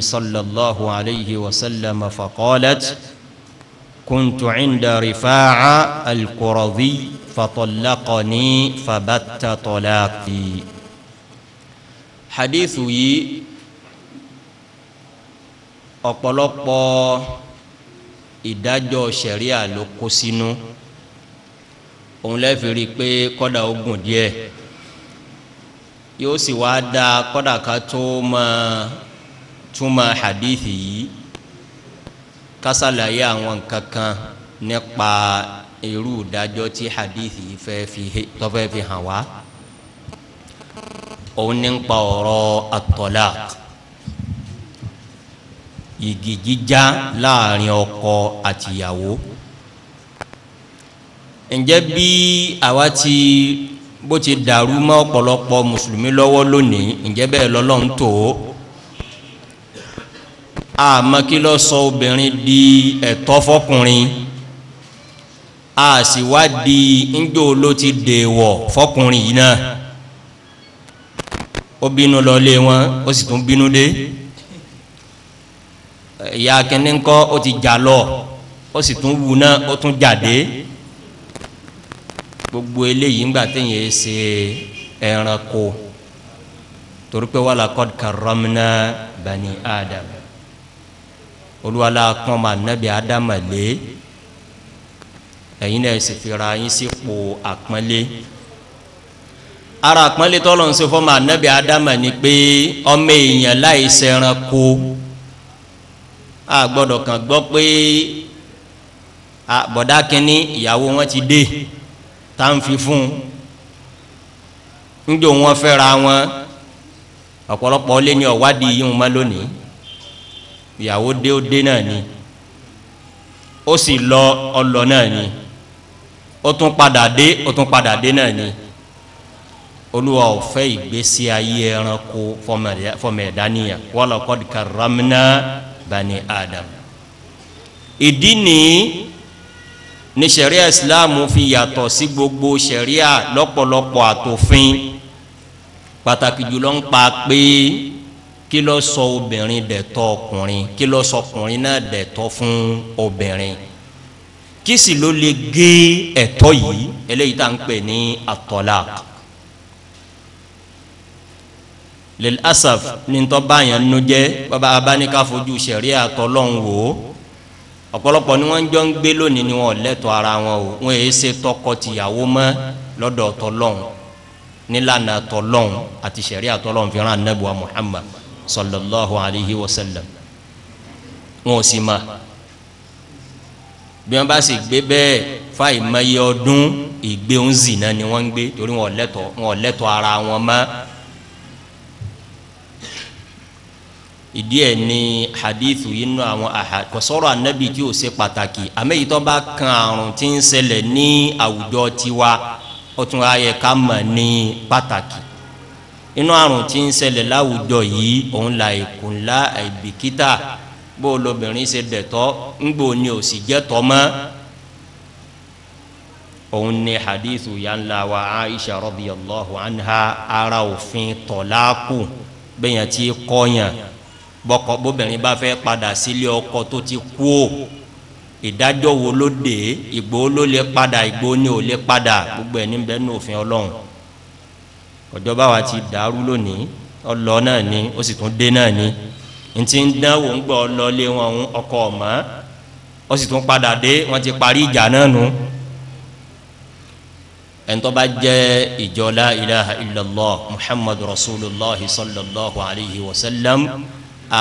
صلى الله عليه وسلم فقالت كنت عند رفاعة القرضي فطلقني فبت طلاقي حديثي يي ọ̀pọ̀lọpọ̀ ìdájọ́ ṣẹ̀ríà ló kó sínú òun lẹ́ẹ̀fi rí i pé kọ́dà ó díẹ̀ yóò sì wá dáa kọ́dà ká tó máa túmọ̀ hadithi yìí kásálàyé àwọn kankan nípa irú ìdájọ́ tí hadithi yìí fẹ́ fi tọ́fẹ́ fi hàn wá òun ní ń pa ọ̀rọ̀ at-talaq igi jíjá láàrin ọkọ àtìyàwó ǹjẹ́ bí àwa ti bó ti dàrú mọ́ ọ̀pọ̀lọpọ̀ mùsùlùmí lọ́wọ́ lónìí ǹjẹ́ bẹ́ẹ̀ lọ́lọ́run tó o àmọ́ kí ló sọ obìnrin di ẹ̀tọ́ fọkùnrin a sì wá di ńjọ ló ti dèèwọ̀ fọkùnrin yìí náà ó bínú lọlé wọn ó sì tún bínú dé ìyá kẹ́ni ńkọ́ ó ti jà lọ ó sì tún wù náà ó tún jáde gbogbo eléyìí ńgbà téèyàn ẹ ṣe ẹranko torí pé wàlàkọ́d karramna bani adam olúwalá pọ́n ma nẹ́bí adama lé ẹ̀yin náà sì fira yín sípò àpọ́nlé ara àpọ́nlé tọ́lọ̀ ń ṣe fọ́ ma nẹ́bí adama ni pé ọmọ èèyàn láì sẹ́ran kó a gbọ́dọ̀ kàn gbọ́ pé bọ̀dá kínní ìyàwó wọn ti dé tá ń fi fún un ń jò wọn fẹ́ra wọn ọ̀pọ̀lọpọ̀ lé ní ọ̀wádìí yìí wọn lónìí ìyàwó dé ó dé náà ni ó sì lọ ọlọ náà ni ó tún padà dé ó tún padà dé náà ni olúwa ò fẹ́ ìgbésí ayé ẹranko fọmọ ẹ̀dá nìyà wala qad karramna bani adam ìdí nìyí ni sẹ̀ríà islam fi yàtọ̀ sí gbogbo sẹ̀ríà lọ́pọ̀lọpọ̀ àtòfin pàtàkì jùlọ ń pa pé kí ló sọ obìnrin dẹ̀tọ́ ọkùnrin kí ló sọ ọkùnrin náà dẹ̀tọ́ fún obìnrin kí sì ló lè gé ẹ̀tọ́ yìí eléyìí tá à ń pè ní at-talaq lil asaf ní tó báyàn nu jẹ́ bàbá abáníká fojú sẹ̀ríà tọ́lọ́hún wò ó ọ̀pọ̀lọpọ̀ ni wọ́n jọ ń gbé lónìí ni wọ́n lẹ́tọ̀ ara wọn o wọ́n èyí ṣe tọkọ-tìyàwó mọ́ lọ́dọ̀ tọ́lọ́hún nílànà tọ́lọ́hún àti sẹ̀ríà tọ́lọ́hún fi rán anábùwà Muhammad sallallahu alayhi wa sallam wọn ò sì ma bí wọn bá sì gbé bẹ́ẹ̀ fáì mẹyẹ ọdún ìgbé ń zìnà ni wọn ń gbé torí wọn lẹ́tọ̀ wọn lẹ́tọ̀ ara wọn mọ́ ìdí ẹ̀ ni hadith yìí nù àwọn àkọsọ̀rọ̀ anabi tí ó ṣe pàtàkì àmẹyìtọ bá kan àrùn tí ń ṣẹlẹ̀ ní àwùjọ tiwa ó tún ayẹ ká mọ̀ ní pàtàkì inú àrùn tí ń ṣẹlẹ̀ láwùjọ yìí òun la ìkùnlá àìbìkítà bó lobìnrin ṣe dẹ̀tọ́ ńgbò ni ò sì jẹ́tọ́ mọ́ òun ni hadithu yanla wa aisha radiyallahu anha ara òfin tọ̀láàkù bẹ́yẹn tí kọ́yàn bọ́kọ bóbìnrin bá fẹ́ padà sílé ọkọ tó ti kú o ìdájọ́ wo ló dé ìgbó ló lè padà ìgbó ni ò lè padà gbogbo ẹ̀ níbẹ̀ ní òfin ọlọ́run ọjọ́ báwa ti dàrú lónìí ọlọ náà ni ó sì tún dé náà ni ntí ń dánwò ń gbọ́ ọlọ́lé wọn ń ọkọ̀ ọ̀mọ́ ó sì tún padà dé wọ́n ti parí ìjà náà nù. ẹ̀ńtọ́ bá jẹ́ ìjọ la ilaha illallah muhammadu rasulillah sallallahu alayhi wa sallam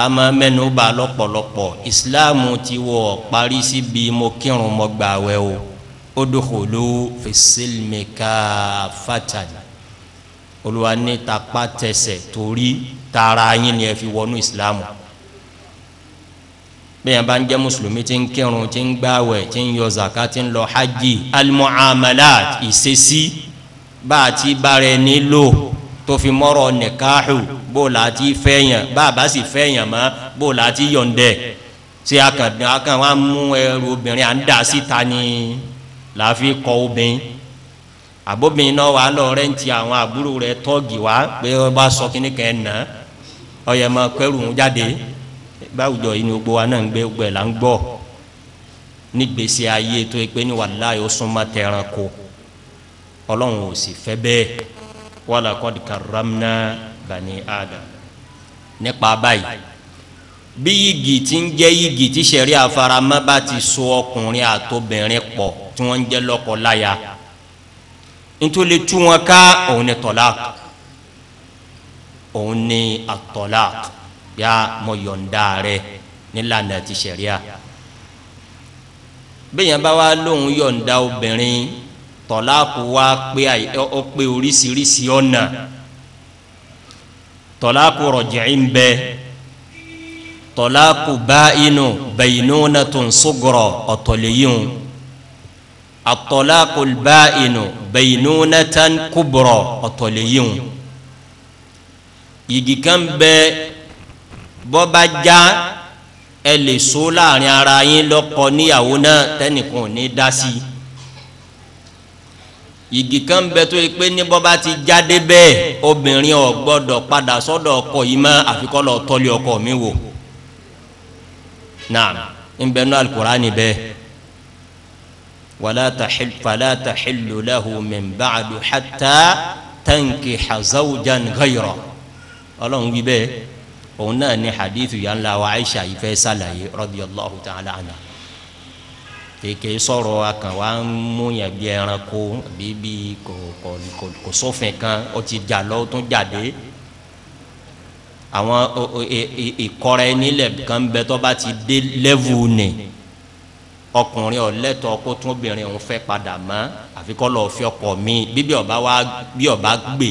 àmọ́ mẹ́nu bá lọ́pọ̀lọpọ̀ ìsìláàmù ti wọ̀ parí síbi mo kírun mo gbàwẹ̀ o ó dókòló fèsìlmẹ́ká fàtàlì olùwà ní tapá tẹsẹ̀ torí tara yín ni ẹ fi wọnú ìsìlámù bẹ́ẹ̀ bá ń jẹ́ mùsùlùmí tí ń kírun tí ń gbàwẹ̀ tí ń yọ zaka tí ń lọ hajj almuamalat ìṣesí bá a ti bára ẹni lò tó fi mọ́rọ̀ nìkaahu bó la ti fẹ́yàn bá a bá sì fẹ́yàn mọ́ bó la ti yọ̀ǹdẹ̀ ṣé akàn akàn wa mú ẹrù obìnrin à ń dà síta ni làá fi kọ́ obìnrin àbóbìnrin náà wà lọ rẹ ń ti àwọn àbúrò rẹ tọ́ọ̀gì wá pé ọ bá sọ kíní kan ẹ̀ nà ọyẹ máa kẹrù ń jáde báwùjọ yìí ni gbogbo wa náà ń gbé gbogbo ẹ̀ là ń gbọ́ nígbèsè ayé tó yẹ pé ní wàláyé ó súnmọ́ tẹran kó ọlọ́run ò sì fẹ́ bẹ́ẹ̀ wàlá kọ́ karamna bani ada nípa báyìí bí yìgì tí ń jẹ́ yìgì tí sẹ̀rí àfaramọ́ bá ti so ọkùnrin àtobìnrin pọ̀ tí wọ́n ń jẹ́ lọ́kọ láya nítorí lè tú wọn ká òun ni tọ́lák òun ni àtọ́lák yá mọ yọ̀ǹda rẹ nílànà ti ṣẹ̀ríà bẹ́ẹ̀ bá wá lóun yọ̀ǹda obìnrin tọ́láàkù wá pé ọ pé oríṣiríṣi ọ̀nà tọ́láàkù rọ̀jẹ̀ ń bẹ tọ́láàkù bá inú bẹ̀yìnú náà tó ń sọ̀gọ̀rọ̀ ọ̀tọ̀lẹ́yìn at-talaqul ba'inu baynunatan kubra ọ̀tọ̀lẹ́yìn igi kan bẹ bọ́ba já ẹ lè so láàrin ara yín lọ́kọ níyàwó náà tẹ́nìkan ò ní dá sí i igi kan bẹ tó yẹ pé ní bọ́ba ti jáde bẹ́ẹ̀ obìnrin ò gbọ́dọ̀ padà sọ́dọ̀ ọkọ yìí mọ́ àfikọ́ lọ ọkọ mi wò náà ń bẹ nú Al-Qur'ani bẹ́ẹ̀. ولا تحل فلا تحل له من بعد حتى تنكح زوجا غيره ọlọ́run wí bẹ́ẹ̀ òun náà ní hadith yà ń la wa aisha yìí fẹ́ sàlàyé radiyallahu ta'ala anha kèké sọ̀rọ̀ akàn wa ń mú yàn bí ẹranko bíbí kò kò kò sófin kan ó ti jà lọ ó tún jáde àwọn e, e, ìkọrẹ nílẹ̀ kan bẹ tó bá ti dé lẹ́vù nìí ọkùnrin ọ̀lẹ́tọ̀ kó tún obìnrin òun fẹ́ padà mọ́ àfi kọ́ lọ́ọ́ fi ọkọ mi bíbí ọba wa bí ọba gbé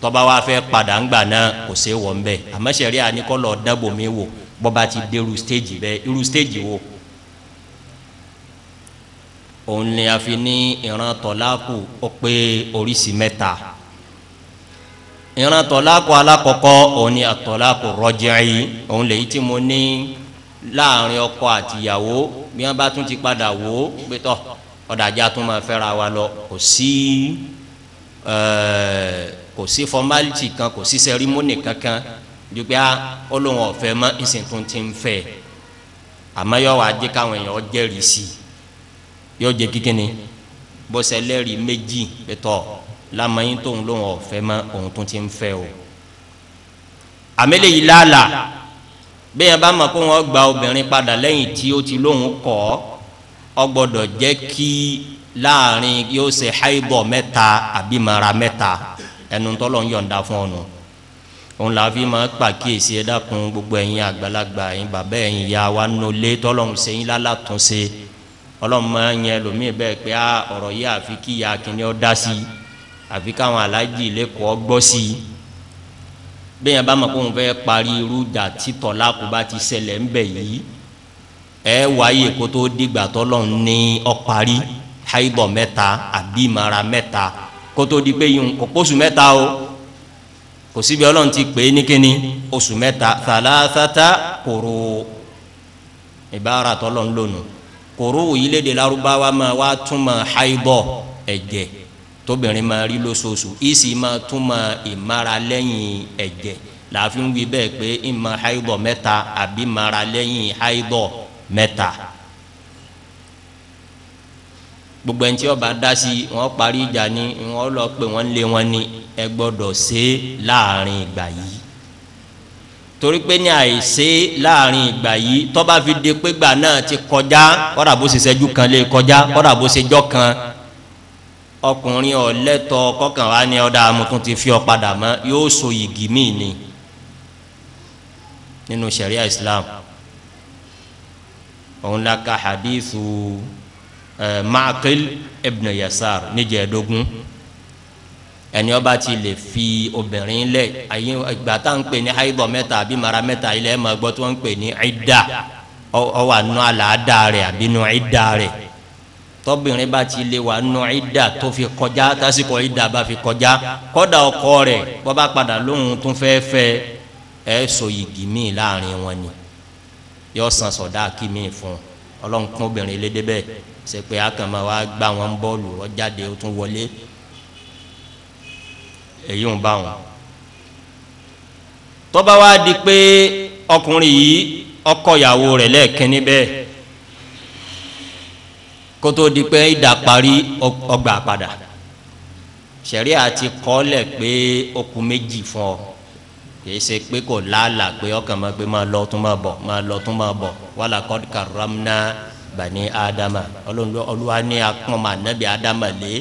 tọ́ba wa fẹ́ padà ń gbà náà kò sí wọ̀ ńbẹ́ àmọ́ sẹ̀rí àníkọ́ lọ́ọ́ dábò mi wò bọ́ba ti dé irú stéèjì bẹ́ẹ̀ irú stéèjì wo. òun ni a fi ní ìran tọ́láàkù ó pé oríṣi mẹ́ta ìran tọ́láàkù alákọ̀ọ́kọ́ òun ni àtọ́láàkù rọ́jẹ́ yìí òun lèyí tí mo ní láàrin ọkọ àtìyàwó bí wọn bá tún ti padà wò ó pé tọ ọ̀dàjà tún máa fẹ́ra wa lọ kò sí eh, kò sí fọmálítì kan kò sí sẹrímónì kankan ju pé ah, ó lóun ọ̀fẹ́ mọ́ ìsìn tún ti ń fẹ́ àmọ́ yóò wá jẹ́ káwọn èèyàn jẹ́rìí sí i yóò jẹ́ kíkíni bọ́sẹ̀ lẹ́rìí méjì pé tọ́ lamọ́yìn tóun lóun ọ̀fẹ́ mọ́ òun tún ti ń fẹ́ o àmẹ́lẹ́yìí lálàá bí yẹn bá mọ̀ pé wọ́n gba obìnrin padà lẹ́yìn tí ó ti lóun kọ́ ọ gbọ́dọ̀ jẹ́ kí láàrin yóò ṣe háìbọ̀ mẹ́ta àbí mẹ́ta ẹnu tọ́lọ̀ ń yọ̀ǹda fún ọ̀nà òun la fi máa pàkíyèsí ẹ dákun gbogbo ẹ̀yin àgbàlagbà ẹ̀yin bàbá ẹ̀yin ìyá wa nulẹ tọlọ́run sẹyìn lálàtúnṣe Ọlọ́run máa ń yẹn lómi bẹ́ẹ̀ pé ọ̀rọ̀ yìí àfi kíyà kìnìún dá sí àfi káwọn aláàjì lẹkọọ gbọ́ sí i bẹ́ẹ̀ yẹn bá mọ̀ kó ń fẹ́ parí irú ìjà títọ̀ lákòbá ti ṣẹlẹ̀ ń bẹ̀ yìí ẹ wáyé kó tó dìgbà tọ́lọ̀ ní ọparí haibọ̀ mẹ́ta àbí mẹ́ta kó tó di pé yìí kò pósù mẹ́ta o kò síbi ọlọ́run ti pè é ní kíni oṣù mẹ́ta thalathata kòrò ìbára tọ́lọ̀ ń lónìí kòrò òyìnlẹ̀ Lárúbáwá máa wá túmọ̀ haibọ̀ ẹ̀jẹ̀. E tóbìnrin máa rí lóṣooṣù ìsì máa tún máa ìmára lẹ́yìn ẹ̀jẹ̀ làáfin wí bẹ́ẹ̀ pé ìmọ̀ haidọ̀ mẹ́ta àbí mara lẹ́yìn haidọ̀ mẹ́ta gbogbo ẹni tí ó bá dá sí wọn parí ìjà ni wọn lọ pé wọn lé wọn ni ẹ gbọ́dọ̀ ṣe láàrin ìgbà yìí torí pé ní àìṣe láàrin ìgbà yìí tó fi de pé gbà náà ti kọjá kọ́dà bó ṣe ṣẹ́jú kan lè kọjá kọ́dà bó ṣe jọ́ kan ọkùnrin ọ̀lẹ́tọ̀ kọkàn wa ni ọ̀dà amutun ti fi ọ padà mọ́ yóò so yìgì míì ni nínú sharia islam òun la ka hadithu ẹ maakil ibn yasar níjẹ̀ẹ́dógún ẹni ọba ti lè fi obìnrin lẹ ayé ìgbà tá à ń pè ní haidọ mẹ́ta àbí mara mẹ́ta ilẹ̀ ẹ̀ máa gbọ́ tí wọ́n ń pè ní ẹ̀dá ọwọ́ àánú àlàáda rẹ̀ àbínú ẹ̀dá rẹ̀ tọ́bìnrin bá ti lè wà nù ìdá tó fi kọjá tásìkò ìdá bá fi kọjá kọ́dà ọkọ rẹ̀ bọ́ bá padà lóhun tó fẹ́ fẹ́ ẹ sọ yìgì míì láàrin wọn ni yọ san sọ̀dá kí míì fún ọlọ́run kún obìnrin lédè bẹ́ẹ̀ ṣe pé akàmọ́ wa gbá wọn bọ́ọ̀lù ọjáde ó tún wọlé èyí ń bá wọn. tọ́ba wa di pé ọkùnrin yìí ọkọ ìyàwó rẹ̀ lẹ́ẹ̀kẹ́ níbẹ̀ kótó di pé ìdá parí ọgbà padà sẹ̀rí àti kọ́lẹ̀ pé okùn méjì fún ọ kìí ṣe pé kò láàlà pé ọkàn máa gbé máa lọ tún máa bọ̀ máa lọ tún máa bọ̀ wàlà kọ́dí karamna bani adama olúwa ní akpọ́n máa nẹ́bi adama lé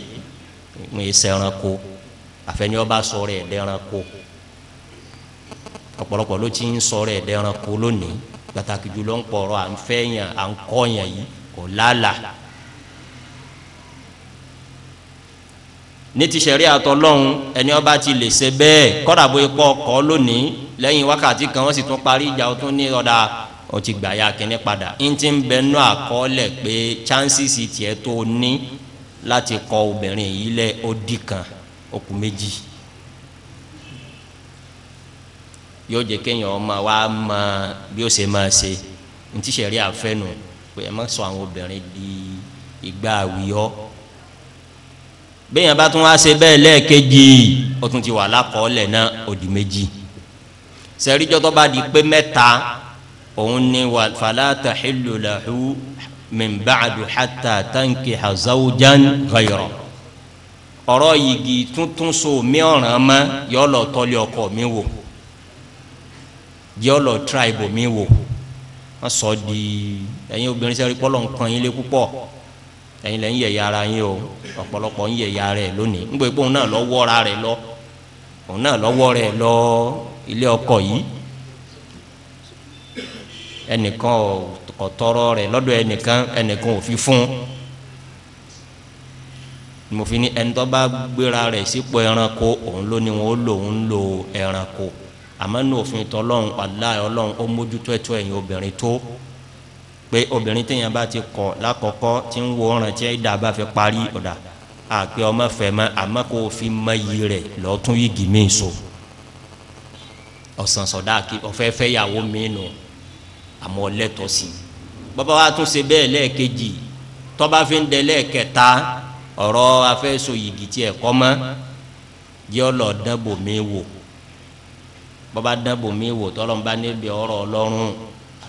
ń ṣe ẹranko àfẹ́ni ọba sọ̀rọ̀ ẹ̀ dẹ́ranko ọ̀pọ̀lọpọ̀ ló ti ń sọ̀rọ̀ ẹ̀ dẹ́ranko lónìí pàtàkì jùlọ ń pọ̀rọ̀ à ń fẹ́ yàn à ń kọ́ yàn yìí kò láàlà. ní ti sẹ̀rí àtọ́lọ́hún ẹni ọba ti lè ṣe bẹ́ẹ̀ kọ́dà bóyá pọ̀ kọ́ lónìí lẹ́yìn wákàtí kan wọ́n sì tún parí ìjà ó tún ní ọ̀dà ó ti gbà ya kínní padà ń ti ń bẹnu àkọọ́lẹ̀ pé chances tiẹ̀ tó ní láti kọ obìnrin yìí lẹ̀ ó dì kan okùn méjì yóò jẹ́ kéèyàn ọmọ wa mọ bí ó ṣe máa ṣe ní ti sẹ̀rí àfẹ́nu pé ẹ má sọ àwọn obìnrin di ìgbà àwíyọ́ bẹ́ẹ̀yàn bá tún wá ṣe bẹ́ẹ̀ lẹ́ẹ̀kejì ó tún ti wà lákọọ́lẹ̀ náà òdì méjì sẹ́ríjọ́ tó bá di pé mẹ́ta òun ni wà fàlà tahillu lahu min ba'du hatta tankiha zawjan ghayra ọ̀rọ̀ yìgì tuntun so mi ọ̀ràn mọ́ yọ lọ ọkọ mi wò yọ tíráìbù mi wò wọ́n sọ di ẹ̀yin obìnrin sẹ́rí pọ́lọ́ yín lé púpọ̀. ẹ̀yin nye ya ara yín o ọ̀pọ̀lọpọ̀ ń ya rẹ̀ lónìí ń gbẹ́gbẹ́ òun náà lọ wọ́ra lọ òun lọ ilé ọkọ yìí ẹnìkan ọtọrọ tọrọ rẹ̀ ẹnìkan ẹnìkan ò fún mo fi bá gbéra sípò ẹranko òun ló ni wọn ó lò ń lo ẹranko àmọ́ ní òfin pé obìnrin téèyàn bá ti kọ̀ lákọ̀ọ́kọ́ tí ń wo ọ̀ràn tí ẹ̀dá bá fi parí ọ̀dà àpè ọmọ fẹ́ mọ́ àmọ́ kó o fi mọ iye rẹ̀ lọ́tún yìgì mí so ọ̀sán sọ̀dá kí ọ̀fẹ́ fẹ́ yàwó mi nù àmọ́ lẹ́tọ̀ sí i bàbá wa tún ṣe bẹ́ẹ̀ lẹ́ẹ̀kejì tọ́ba fi ń dẹ lẹ́ẹ̀kẹta ọ̀rọ̀ afẹ́so yìgì tiẹ̀ kọ́ mọ́ yọ lọ dánbò mi wò bàbá dánbò mi wò tọ́lọ́mùbá níbi ọ̀rọ̀ ọlọ́run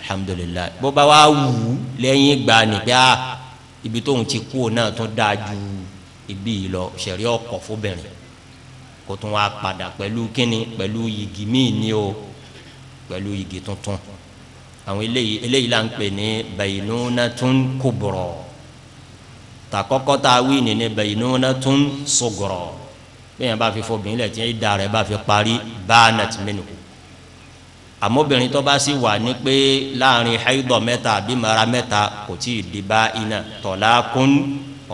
alhamdulilayi bó bá wà wù ú lẹ́yìn ìgbà nígbà ah, ibi tóun ti kú náà tún dáa ju ibi yìí lọ sẹ̀rí ọkọ̀ fóbìnrin kó tún wá padà pẹ̀lú kínní pẹ̀lú yìgì míì ní o pẹ̀lú yìgì tuntun àwọn eléyìí eléyìí là ń pè ní bainunatun kubra takọ́kọ́ tá a wí ní ní bainunatun sugra bẹ́ẹ̀ bá fi fọ́ bìnrin lẹ̀ tí ń da rẹ̀ bá fi parí bá a kù àmọ́bìnrin tó bá sì wà ní pé láàrin haidọ̀ mẹ́ta àbí mara mẹ́ta kò tí ì di bá iná tọ̀lákún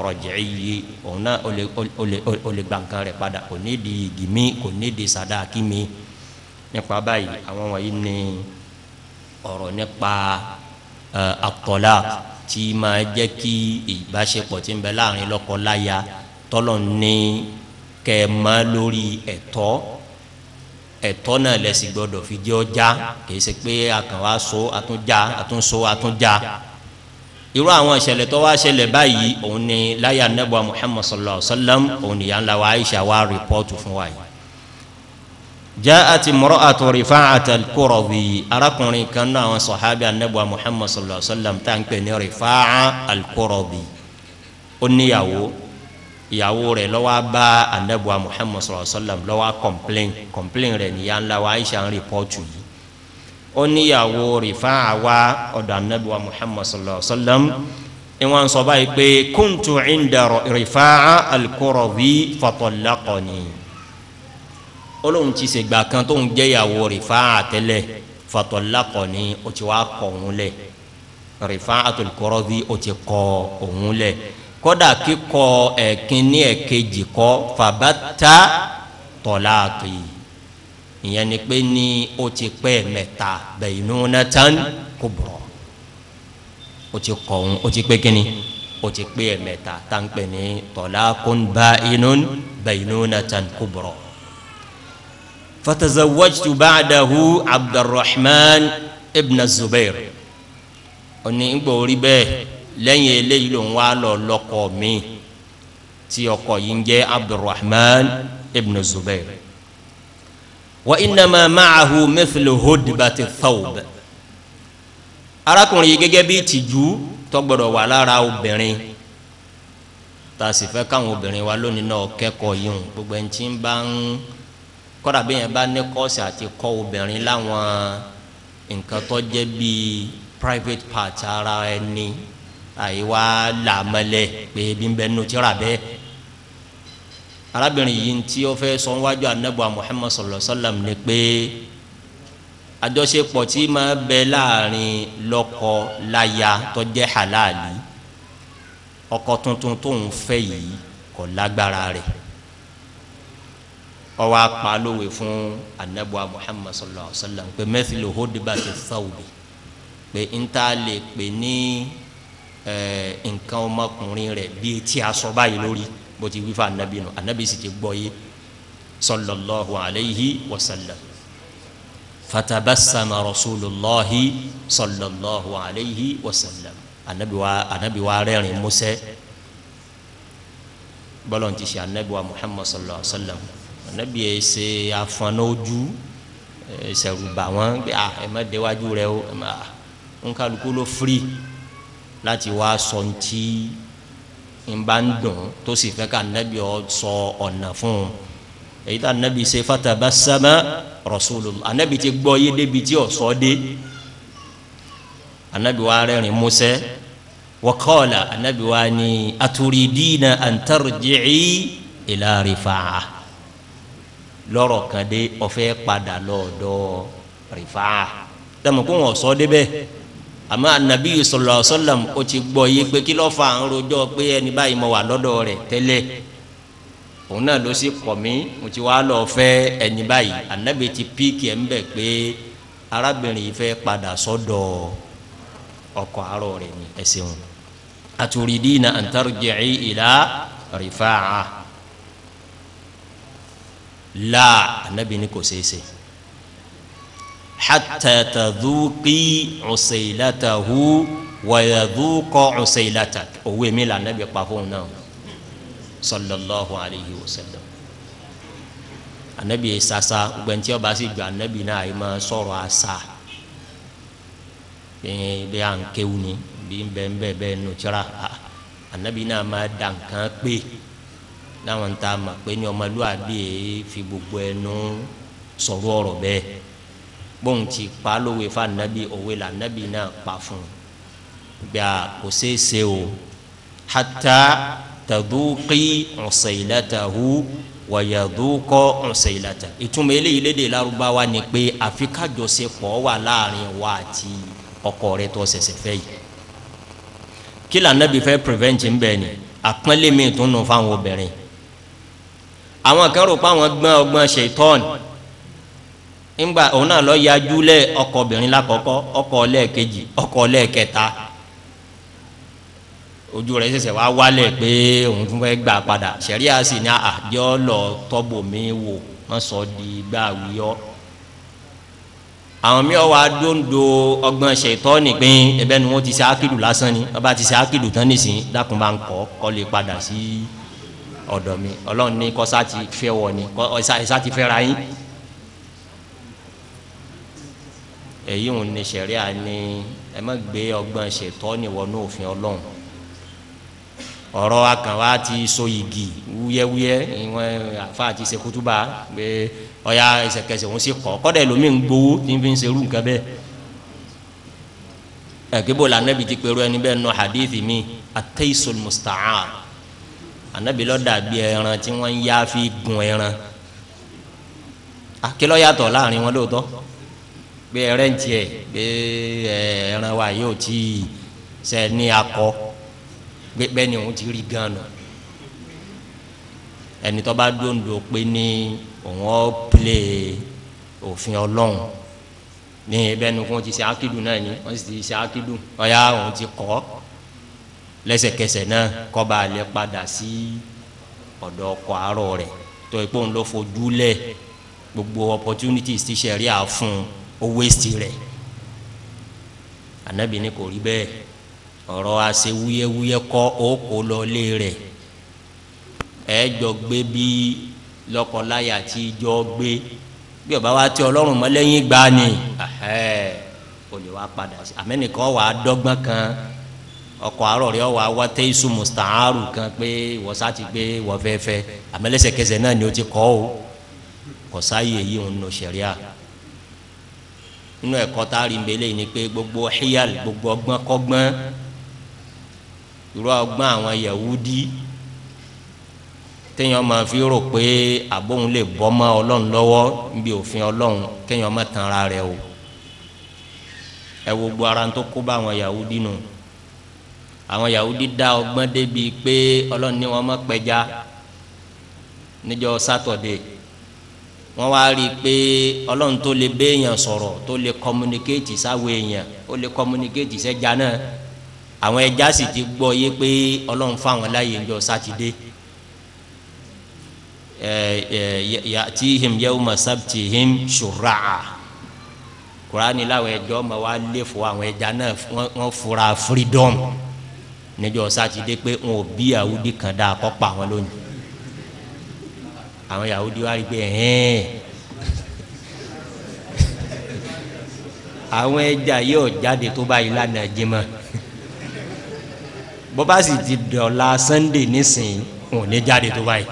rọ̀jẹ̀ẹ́yì òun náà ó lè gba nǹkan rẹ̀ padà kò ní di igi mi kò ní di sàdáàkì mi nípa báyìí àwọn wọ̀nyí ni ọ̀rọ̀ nípa àtọ̀lá tí máa jẹ́ kí ìbáṣepọ̀ tí ń bẹ láàrin lọ́kọ-láya tọ́lọ̀ ní kẹ́ má lórí ẹ̀tọ́. E ẹ̀tọ́ náà lẹsì gbọ́dọ̀ fi jẹ ọjà kìí ṣe pé akànwá so àtúnjà àtúnso àtúnjà irú àwọn ìṣẹ̀lẹ̀ tó wá ṣẹlẹ̀ báyìí òun ni láyà nẹ́bùà muhammad sallallahu alayhi wa sallam òun ni yàn láwa aisha wa rìpọ́tù fún wa yìí. جاءت امرأة رفاعة الكرظي أراكم كان صحابي النبي محمد صلى الله عليه وسلم تانكني رفاعة الكرظي أنياو ìyàwó rẹ̀ lọ́wọ́ bá anabuwa muhammad sallallahu alayhi wa sallam lọ́wọ́ complain complain rẹ̀ níyà ńlá wa aisha ń rìpọ́tù yìí ó níyàwó rìfá àwa ọ̀dọ̀ anabuwa muhammad sallallahu alayhi wa sallam ìwọ̀n sọ báyìí pé kúntù ìndà rìfá alukọ̀rọ̀bí fatọ̀lákọ̀ni olóhùn ti ṣègbà kan tóun jẹ́ ìyàwó rìfá àtẹ́lẹ̀ fatọ̀lákọ̀ni ó ti wá kọ̀ òun lẹ̀ rìfá àtọ̀lùkọ̀rọ̀bí ó ti kọ̀ òun lẹ̀ kódà kíkọ ẹ̀kínní ẹ̀kejì kọ́ fàbátà tọ́láàkì ìyẹn ni pé ní ó ti pẹ́ mẹ́ta bẹ̀yìnú nàtàn kò bọ̀ ó ti kọ̀ ọ́n ó ti pé kínní ó ti pé mẹ́ta tá ní tọ́láàkùn bá inú bẹ̀yìnú nàtàn kò bọ̀. فتزوجت بعده عبد الرحمن ابن الزبير أني إبو lẹ́yìn eléyìí ló ń wá lọ lọ́kọ mi tí ọkọ yìí ń jẹ́ abdulrahman ibn zubair wa inama ma'ahu mithlu hudbati thawb arákùnrin yìí gẹ́gẹ́ bí tìjú tó gbọ́dọ̀ wà lára obìnrin tá a káwọn obìnrin wa lónìí náà kẹ́kọ̀ọ́ yìí hùn gbogbo ẹni tí ń bá ń kọ́dà bí yẹn bá ní kọ́ọ̀sì àti kọ́ obìnrin láwọn nǹkan tó jẹ́ bíi private part ara ẹni àyíwá làmẹlẹ pé ebi ń bẹ nu tíra bẹ arábìnrin yìí tí ó fẹ́ sọ wájú anabu muhammad sallallahu alaihi wa sallam ni pé àjọṣepọ̀ tí máa bẹ láàrin lọ́kọ láya tó jẹ́ halali ọkọ tuntun tó ń fẹ́ yìí kò lágbára rẹ̀ ó wá lówe fún anabu muhammad sallallahu pé mithlu hudbati thawbi pé n ta lè pè ní. Eh, nǹkan ọmọkùnrin rẹ̀ bí etí aṣọ báyìí lórí bó ti wí fún anabi nù anabi sì ti gbọ́ yé sallallahu alayhi wa sallam fatabasama rasulillahi sallallahu alayhi wa sallam anabi wa rẹ́rìn músẹ́ bọ́lọ̀ ti ṣe anabi wa muhammad sallallahu alayhi wa sallam anabi yẹ ṣe afanójú ṣẹ̀rù bà wọ́n gbé ah ẹ̀ rẹ o ẹ̀ má nǹkan ah, firi láti wá sọ ntí n bá ń dùn tó sì fẹ́ ká nẹ́bí ọ sọ ọ̀nà fún un èyí tá nẹ́bí ṣe fatabassama rasulullah anẹ́bí ti gbọ́ yé débi tí ò sọ dé anẹ́bí wa rẹ́rìn músẹ́ wakọ́ọ̀là anẹ́bí wa ní aturidina an tarji'i ila rifa'a lọ́rọ̀ kan dé ó fẹ́ padà lọ́dọ̀ rifa'a dàmú kó wọn sọ débẹ̀ àmọ́ anabi sallallahu alaihi wasallam ó ti gbọ́ yé pé kí ló fa à ń rojọ́ pé ẹni báyìí mo wà lọ́dọ̀ rẹ̀ tẹ́lẹ̀ òun náà ló sì kọ̀ mí mo ti wá lọ fẹ́ ẹni báyìí anabi ti píìkì ẹ̀ ń bẹ̀ pé arábìnrin yìí fẹ́ padà sọ́dọ̀ ọkọ àárọ̀ rẹ̀ ni ẹ ṣeun aturidina an tarji'i ila rifa'a la anabi ni kò ṣeé ṣe hatta tadhuqi usailatahu wa yadhuqa usailatak òwe mi la Nabi pa fún náà sallallahu alayhi wa sallam Ànábì sasa gbẹ̀ntì ọba sì gbà Ànábì náà yìí máa sọ̀rọ̀ asa bí à ń kéwù ni bí ń bẹ́ẹ̀ bẹ́ẹ̀ bẹ́ẹ̀ nù tíra Ànábì náà máa dà nǹkan pé láwọn tá a mọ̀ pé fi gbogbo ẹnu sọ̀rọ̀ ọ̀rọ̀ bẹ́ẹ̀ bóun ti pa lówe fa nabi òwe la nabi náà pa fún gbà kò ṣeé ṣe o hatta tadúkì ọ̀sẹ̀yìlátàhù wàyàdúkọ ọ̀sẹ̀yìlátà ìtumọ̀ eléyìí lédè lárúbáwá ni pé àfi kájọṣepọ̀ wà láàrin wa àti ọkọ rẹ tó ṣẹ̀ṣẹ̀ fẹ́ yìí kí nabi fẹ́ prevent ń bẹ̀ ni àpọ́nlé mi tún nù fáwọn obìnrin àwọn kan rò pé àwọn gbọ́n ọgbọ́n ṣètọ́ni ńgbà òun náà lọ yájú lẹ ọkọ obìnrin lákọ̀ọ́kọ́ ọkọ lẹ́ẹ̀kejì ọkọ lẹ́ẹ̀kẹta ojú rẹ̀ ṣẹ̀ṣẹ̀ wá wálẹ̀ pé òun tún fẹ́ gbà padà sẹríà sì ní àjọ lọ tọbọ mi wò wọn sọ di gbà wíyọ àwọn mi wá dondo ọgbọ́n ṣètọ nìpín ẹ̀bẹ̀ ni wọn ti ṣe ákìlù lásán ni wọn bá ti ṣe ákìlù tán nísìnyí dákun bá ń kọ kọ lè padà sí ọ̀dọ̀ mi Ọlọ́run ní kọsá ti fẹ́ wọ ni kọsá ti fẹ́ ra yín. èyí ń ní sẹ̀ríà ní ẹ má gbé ọgbọ́n ṣètọ́ níwọ̀ ní òfin ọlọ́run ọ̀rọ̀ akànwá ti so igi wúyẹ́wúyẹ́ ìwọ̀n àfa àti ìṣekútúbà pé ọ̀ya ìṣẹ̀kẹsẹ̀ òun sì kọ́ kọ́dẹ̀ lómi ń gbowó tí fi ń serú nǹkan bẹ́ẹ̀ ẹ̀kíbò la anabi ti pẹ̀lú ẹni bẹ́ẹ̀ nọ hadithi mi ateisul musta'ar anabi ló dàbí ẹran tí wọ́n ń yá fi gun ẹran akílọ̀ yàtọ̀ láàrin wọn lóòótọ́ gbé ẹrẹ́ǹtì ẹ̀ gbé ẹran wa yóò tí sẹ ní akọ gbé bẹ́ẹ̀ ni òun ti rí gan nù ẹni tó bá dòǹdò pé ní òun ọ́ pilẹ̀ òfin ọlọ́run ní ẹbẹ nu kún ti ṣe akidu náà ni wọn sì ti ṣe akidu ọyá òun ti kọ lẹ́sẹ̀kẹsẹ̀ náà kọba alẹ padà sí ọ̀dọ̀ ọkọ àárọ̀ rẹ̀ tó ipò ń lọ gbogbo opportunities ti ṣẹlẹ̀ àfún un ó wéṣì rẹ̀ anabi ni kò rí bẹ́ẹ̀ ọ̀rọ̀ àṣẹ wúyẹ́wúyẹ́ kọ́ ó kó lọ lé rẹ̀ ẹ jọ gbé bí lọ́kọláya tí jọ gbé bí ọba wa tí ọlọ́run mọ́lẹ́yìn gbá ni ó lè wá padà sí amẹ́nìkan wà á dọ́gbọ́n kan ọkọ̀ àárọ̀ rẹ̀ wà á wá tẹ́sù mùsàárù kan pé wọ́sá ti gbé wọ́fẹ́fẹ́ amẹ́lẹ́sẹ̀kẹsẹ̀ náà ni ó ti kọ́ ọ́ kọ́sáyé yìí ń nu sẹ̀ríà. nínú ẹ̀kọ́ tá a rí mbẹ́lẹ́ ni pé gbogbo hiyal gbogbo ọgbọ́n kọ́gbọ́n irú ọgbọ́n àwọn Yahudi téèyàn máa fi rò pé àbóhun lè bọ́ mọ́ ọlọ́run lọ́wọ́ níbi òfin ọlọ́run kéèyàn má tan ara rẹ̀ o ẹ wo gbogbo ara tó kó bá àwọn Yahudi nù àwọn Yahudi dá ọgbọ́n débi pé ọlọ́run ní wọn má pẹja níjọ́ sátọ̀dẹ̀ẹ́ wọ́n wá rí i pé ọlọ́run tó lè béèyàn sọ̀rọ̀ tó lè communicate sáwọ èèyàn ó lè communicate sẹ́jà náà àwọn ẹja sì ti gbọ́ yé pé ọlọ́run fáwọn láàyè ńjọ sátidé ẹ ẹ yatihim yawma sabtihim shurra'a kurani láwọn ẹjọ́ ọmọ wa lè fọ àwọn ẹja náà wọ́n fura freedom níjọ sátidé pé wọn ò bí àwùjọ kan dáa kọ́ àwọn lónìí àwọn Yahudi wá rí pé ẹ̀hẹ́n àwọn ẹja yóò jáde tó báyìí lánàá jimá bó bá sì ti dọ̀la Sunday nísìnyí wọn ò ní jáde tó báyìí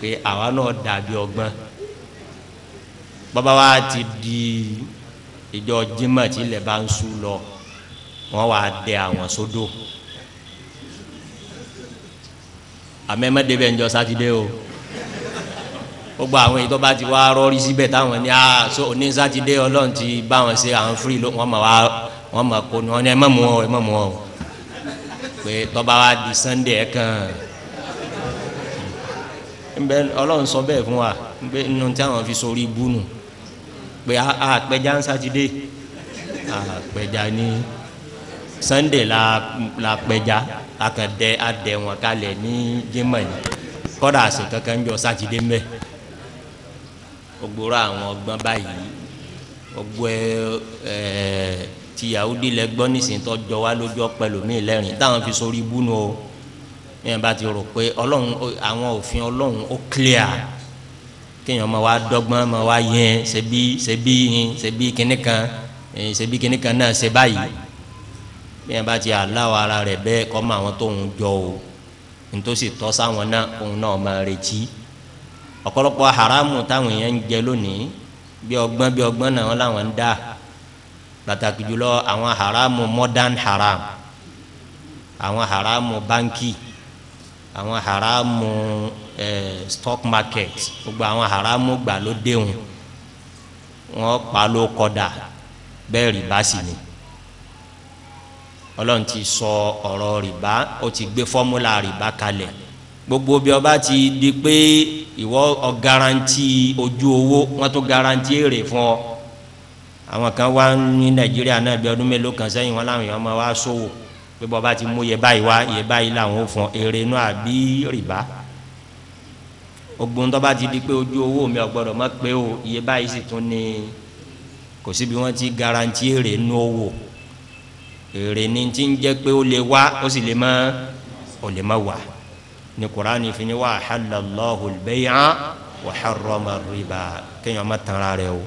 pé àwa náà dàbí ọgbọ́n bàbá wa ti di ìjọ jimá tí ilẹ̀ bá ń sú lọ wọ́n wá dẹ àwọn sódò. So àmẹ́mẹ́dé bẹ́ẹ̀ ń jọ sátidé o gbogbo àwọn èyí tó bá ti wá rọrí síbẹ̀ táwọn ní ah so ní sátidé ọlọ́run ti bá wọn ṣe àwọn fúri ló wọ́n mọ̀ wá wọ́n mọ̀ kó ní wọn ní ẹ mọ̀ mú ọ ẹ mọ̀ mú ọ pé tọ́ba wa di sannde ẹ kàn nbẹ ọlọ́run sọ bẹ́ẹ̀ fún wa nbẹ nínú tí àwọn fi sori búnu pé àpẹja ń sátidé àpẹja ní sannde la la La, akadẹ adẹ wọn kalẹ̀ ní jimani kọ́dà àṣẹ kankan jọ sátidé mbẹ́ ogboro àwọn ọgbọ́n báyìí ọgbọ́ ẹ ti yahudi lẹ gbọ́ nísìnyí tọ́jọ́ wa lójú ọpẹlú mi lẹ́rìn táwọn fi sórí ibú nu o yẹn bá ti rò pé ọlọ́run àwọn òfin ọlọ́run ó clear kéèyàn máa wá dọ́gbọ́n máa wá yẹn ṣebí ṣebí ṣebí kìnnìkan ṣebí kìnnìkan náà ṣe báyìí bí wọn bá ti aláwọ ara rẹ bẹ́ẹ̀ kọ́ mọ àwọn tó ń jọ o nítòsí tọ́ sáwọn náà òun náà máa retí ọ̀pọ̀lọpọ̀ haramu táwọn èèyàn ń jẹ lónìí bí ọgbọ́n bí ọgbọ́n náà wọn làwọn ń dá pàtàkì jùlọ àwọn haramu modern haram àwọn haramu banki, àwọn haramu ẹ stock market gbogbo àwọn haramu gbà ló déhùn wọn pa ló kọdà bẹ́ẹ̀ rìbá sì ni ọlọ́run ti sọ ọ̀rọ̀ rìbá ó ti gbé fọ́múlà rìbá kalẹ̀ gbogbo bí ọba ti di pé ìwọ ọ garanti ojú owó wọn tún garanti èrè fún ọ àwọn kan wá ní nàìjíríà náà bí ọdún mélòó kan sẹ́yìn wọn làwọn èèyàn máa wá sówò pé bọ́ba ti mú yẹ báyìí wá yẹ báyìí làwọn ò fún èrè inú àbí rìbá ogun tó ti di pé ojú owó mi ò gbọdọ̀ pé o yẹ báyìí sì tún ní kò síbi wọ́n ti garanti èrè inú owó. No èrè ni ti ń jẹ́ pé ó lè wá ó sì lè má ó lè má wá ní kuraani fi ni wà halalahu bẹ́yà wà harrama riba kéèyàn má tara rẹ̀ o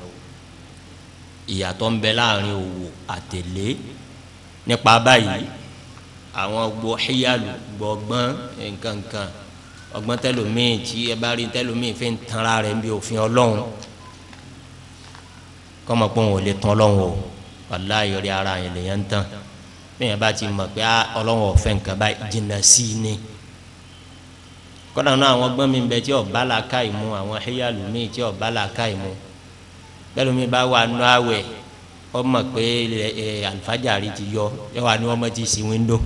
ìyàtọ̀ ń bẹ láàrin òwò àtẹ̀lé nípa báyìí àwọn gbọ́ híyàlù gbọ̀gbọ́n nkankan ọgbọ́n tẹlomiin tí ẹ bá rí tẹlomiin fi ń tanra rẹ̀ ń òfin ọlọ́run kọ́mọ ò lè tán ọlọ́run o wàláyé rí ara yẹn lèyàn ń tán bẹ́ẹ̀ bá ti mọ̀ pé ah, ọlọ́wọ́ fẹ́ nǹkan báyìí jìnnà sí i ni kọ́dà náà àwọn gbọ́n mi bẹ tí ọba la ká ìmú àwọn híyàlú mi tí ọba la ká ìmú bẹ́ẹ̀ mi bá wà nù awẹ̀ ọmọ pé ẹ alifájàrí ti yọ ẹ wà ní ọmọ ti sí wíńdò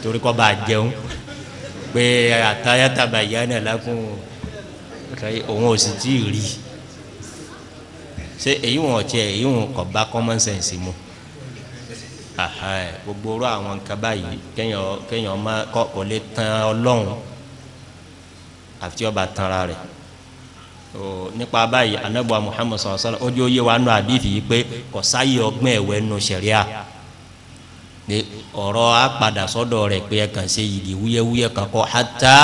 torí kọ́ bá jẹun pé àtàyàtàbà ìyá náà lákùn òun ò sì tí ì rí ṣé èyí wọn ọ̀tí ẹ̀ èyí wọn kọ̀ bá common sense mu gbogbo orú àwọn nǹkan báyìí kéèyàn kéèyàn má kọ́ kò lè tan ọlọ́run àfi ọba tanra rẹ̀ o nípa báyìí anabu muhammed sọlá sọlá ojú oyé wa nù àdìfì yìí pé kò sáyé ọgbọ́n ẹ̀wẹ́ nù sẹ̀ríà ní ọ̀rọ̀ apàdà sọ́dọ̀ rẹ̀ pé ẹ kàn ṣe yìgì wúyẹ́wúyẹ́ kan kọ́ hátà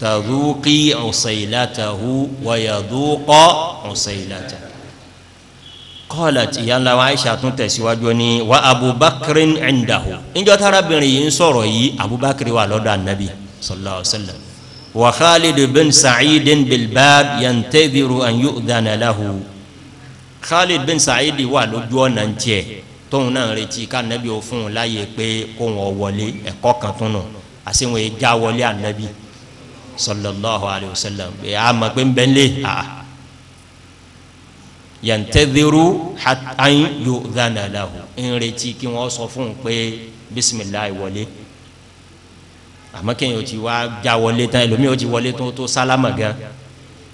tàdúkì ọ̀sẹ̀ ìlàtàhù wọ̀yàdúkọ̀ ọ̀sẹ̀ ìlàtàhù qalat ìyá ńlá wa aisha tún tẹ̀síwájú ní wa abubakar indahu níjọ́ tárábìnrin yìí ń sọ̀rọ̀ yìí abubakar wà lọ́dọ̀ anabi sallallahu alayhi wa sallam wa khalid bin sa'id bilbab yantadiru an yu'dana lahu khalid bin sa'id wà lójú ọ̀nà ń tiẹ̀ tóun náà retí ká anabi ò fún un láàyè pé kó wọn wọlé ẹ̀kọ́ kan tún nù àsìwọ̀n ìjà wọlé anabi sallallahu alayhi wa sallam ẹ̀ àmọ́ pé ń bẹ́ńlẹ̀ àà yantadiru hatan yu'dhana lahu ń retí kí wọ́n sọ fún un pé bisimilayi wọlé àmọ́ kéèyàn ti wá já wọlé tán ẹlòmíì ó ti wọlé tó tó sálámà gan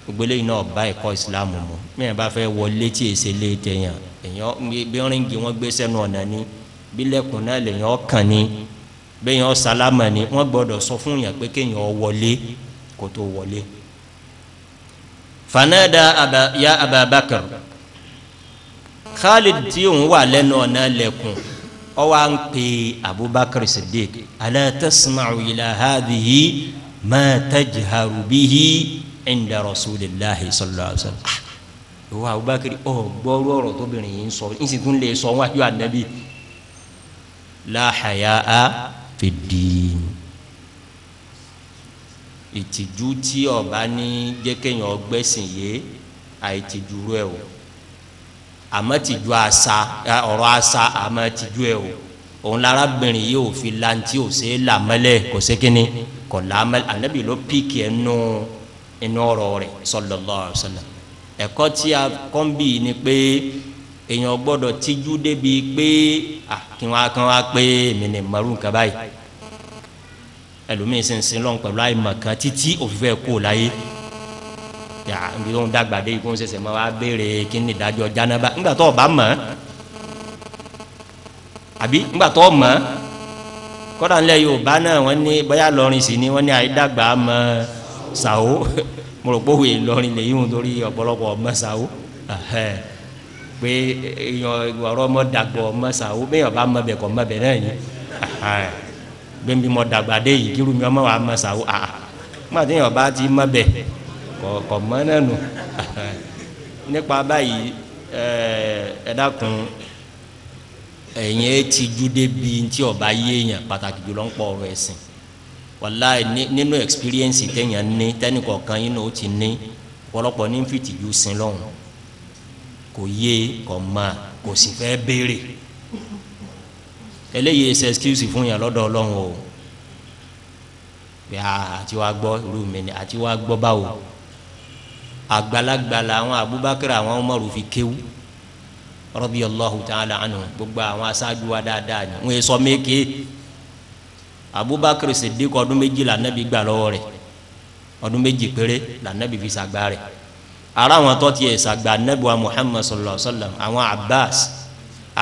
gbélé yìí náà bá ẹ̀kọ́ ìsìlámù mu mẹ́rin bá fẹ́ wọlé tí èsè lé tẹ̀yàn èèyàn bí ríngì wọ́n gbé sẹ́nu ọ̀nà ni bílẹ̀kùn náà lèèyàn kàn ní bẹ́yàn sálámà ni wọ́n gbọ́dọ̀ sọ fún yàn pé kéèyàn wọlé kó tó wọlé. fanada ya ababakar. Aba Khalid tí òun wà lẹ́nu ọ̀nà lẹ́kùn ó wá ń pè Abubakar Siddiq ala tasma'u ila hadhihi ma tajharu bihi inda rasulillahi sallallahu alaihi wa sallam ah, ìwọ Abubakar ọ gbọ́rú ọ̀rọ̀ tóbìnrin yìí ń sọ ń sì tún lè sọ wájú ànábì la haya'a fi ddin ìtìjú tí ọba ní jẹ́kẹ̀yìn ọgbẹ́sìn yé àìtìjú rẹ̀ o àmọ́ tìjú àṣà ọ̀rọ̀ àṣà àmọ́ tìjú ẹ̀ o òun lárábìnrin yìí ò fi lantí ò ṣe é kò ṣe kínní kò là mẹ́lẹ̀ ló píìkì ẹnu inú ọ̀rọ̀ rẹ̀ sallallahu alaihi wasallam ẹ̀kọ́ tí a kọ́ńbì ni pé èèyàn gbọ́dọ̀ tíjú débi pé kí wọ́n á kán wá pé èmi ni mọ̀rú nǹkan báyìí ẹlòmíín sì lọ́n pẹ̀lú àìmọ̀kan títí òfìfẹ́ kó o láyé. Ya, ibi tó ń dàgbà dé ikú ń sẹsẹ mọ wàá béèrè kí ni ìdájọ́ jánaba ńgbà tó bá mọ̀ àbí ńgbà tó mọ̀ kọ́dà ńlẹ̀ yorùbá náà wọ́n ní bóyá lọ́rin sí ni wọ́n ní àìdàgbà mọ̀ sàwó mo rò pé òwe lọ́rin lè yíwọ̀n torí ọ̀pọ̀lọpọ̀ mọ̀ sàwó pé èèyàn ọ̀rọ̀ mọ̀ dàgbọ̀ mọ̀ sàwó bẹ́ẹ̀ ọba mọ̀ bẹ̀ kọ́ mọ̀ bẹ̀ náà yìí gbẹ̀mí mọ̀ dàgbà dé yìí kírun mi ọmọ wa mọ̀ sàwó àà mọ̀ àti èèyàn ọba ti mọ̀ bẹ̀ kọ̀ mọ́ náà nù nípa báyìí ẹ dákun ẹ̀yin ẹ ti ju débi tí ọba yéèyàn pàtàkì jùlọ ń pọ̀ ọ̀rọ̀ ẹ̀sìn wàláì nínú experience téèyàn ní tẹ́nìkọ̀ọ̀kan yín náà ó ti ní ọ̀pọ̀lọpọ̀ ní fìtìjú sin lọ́hùn kò yé kò mọ̀ kò sì fẹ́ béèrè eléyìí ṣe excuse fún yàn lọ́dọ̀ ọlọ́run o pé àti wàá irú mi ni àti wàá báwo àgbàlagbà làwọn abubakar àwọn umaru fi kéwú radiyallahu ta'ala anhu gbogbo àwọn aṣáájú wa dáadáa ni wọn sọ méke abubakar siddiq ọdún méjì lànàbí gbà lọ́wọ́ rẹ̀ ọdún méjì péré lànàbí fi sàgbà rẹ̀ ara àwọn tó tiẹ̀ sàgbà anabiwa muhammad sallallahu alaihi wa sallam àwọn abbas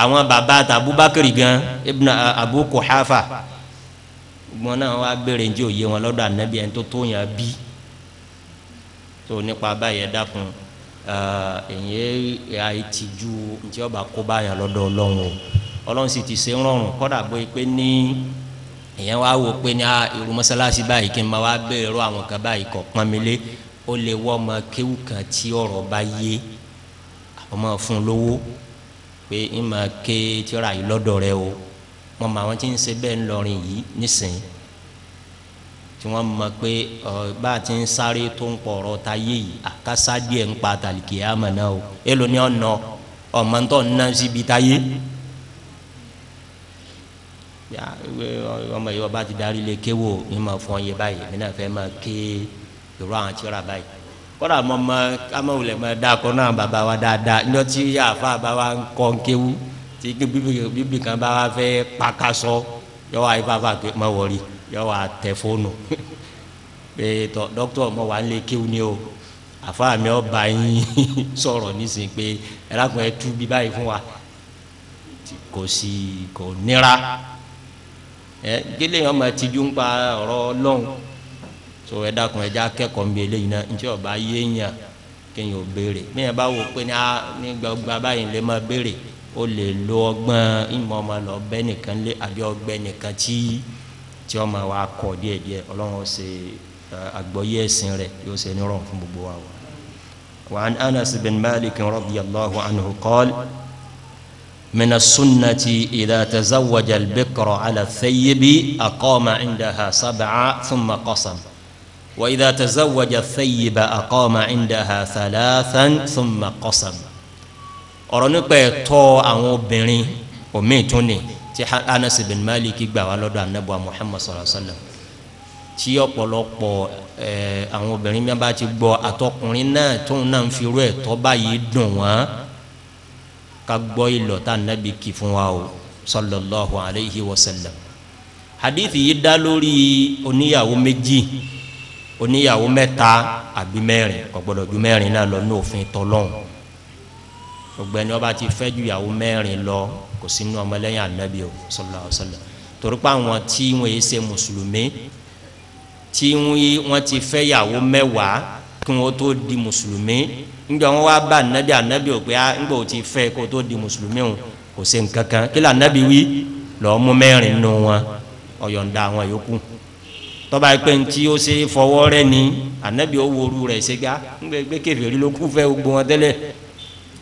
àwọn baba ta abubakar gan ibn abu kuhafa wọn náà wá béèrè njẹ́ òye wọn lọ́dọ̀ anabi ẹni tó tó yàn bí tó nípa báyẹn dákun ẹ̀yìn àìtìjú ntí ọba kó báyẹn lọ́dọ̀ ọlọ́run o ọlọ́run sì ti ṣe ń rọrùn kọ́dà gbé pé ní ìyẹn wá wò pé ní irú mọ́sálásí báyìí kí n máa wá bẹ̀rù àwọn kan báyìí kọ̀ pọ́n mi lé ó lè wọ́ ọmọ kéwù kan tí ọ̀rọ̀ bá yé àwọn fún lówó pé ń máa ké tíra yìí lọ́dọ̀ rẹ o mọ̀ mọ́ àwọn tí ń ṣe bẹ́ẹ̀ ńlọrin yìí nísìnyí tí wọ́n mọ̀ pé bá a ti ń sáré tó ń pọ̀rọ̀ ta yé yìí àkásá díẹ̀ ń pa tàlìkì àmọ̀ náà o èlò ni ọ̀nà ọ̀mọ̀ ń tọ́ ná síbi ta yé ọmọ yìí ọba ti darí lé kéwò ní ma fọ́n yé báyìí mi náà fẹ́ máa ké ìró àwọn tíra báyìí kọ́dà mọ́ mọ́ amáwulẹ̀ mọ́ dáa kọ́ náà bàbá wa dáadáa ní ọtí àfa bàbá ń kọ́ ń kéwú tí bíbí kan bá wa fẹ́ pàkásọ yọ wá ifá fà ké má wọrí yọ wà tẹ fóònù pé tọ dókítà mo wà ń kéwù ni o àfa mi ọ bá yín sọ̀rọ̀ nísìnyí pé ẹ lákùn ẹ tú bí báyìí fún wa kò sí kò nira ẹ gẹlẹ yẹn ọmọ ẹtìjú ń pa ọ̀rọ̀ Ọlọ́run so ẹ dákun ẹ já kẹ́kọ̀ọ́ nbí eléyìí náà ntí ọba yéèyàn kéèyàn ò béèrè bẹ́ẹ̀ bá wò pé ní a ní gbàgbà báyìí lè má béèrè o lè lo ọgbọ́n ìmọ̀ ọmọ lọ bẹ́ẹ̀ nìkan lé àbí ọgbẹ́ nìkan tí tí ọmọ wa kọ díẹ̀ díẹ̀ Ọlọ́run ó ṣe àgbọ́yé ẹ̀sìn rẹ̀ yóò ṣe nírọ̀rùn fún gbogbo wa. وعن أنس بن مالك رضي الله عنه قال من السنة إذا تزوج البكر على الثيب أقام عندها سبعة ثم قسم وإذا تزوج الثيب أقام عندها ثلاثا ثم قسم ọ̀rọ̀ nípa ẹ̀tọ́ بني obìnrin توني tí anas bin malik gbà wá lọ́dọ̀ anabuwa muhammad sallallahu alaihi wa sallam tí ọ̀pọ̀lọpọ̀ ẹ̀ àwọn obìnrin mi bá ti gbọ́ àtọkùnrin náà tóun náà ń fi irú ẹ̀ tọ́ báyìí dùn wọ́n ká gbọ́ ìlọ̀ tá anabi kì fún wa o sallallahu alaihi wa sallam hadithi yìí dá lórí oníyàwó méjì oníyàwó mẹ́ta àbí mẹ́rin kò ju mẹ́rin náà lọ ní òfin tọlọ́hún gbogbo ẹni ti fẹ́ ju ìyàwó mẹ́rin lọ kò sínú ọmọlẹ́yìn anabi o sallallahu alaihi wasallam torípa àwọn tí wọn yìí ṣe mùsùlùmí tí wọn ti fẹ́ yàwó mẹ́wàá kí wọn tó di mùsùlùmí ńgbà wọn wá bá anabi anabi o pé ńgbà ah, o ti fẹ́ kó tó di mùsùlùmí o kò ṣe nǹkan kan kí lè anabi wí lọ́ọ́ mú mẹ́rin nù wọn ọ̀yọ̀ǹda àwọn yòókù tọ́ba yìí pé ntí ó ṣe fọwọ́ rẹ ni anabi ó woru rẹ̀ ṣe gá ńgbẹ́ gbé kẹfẹ́ rí ló kú fẹ́ gbọ́n tẹ́lẹ̀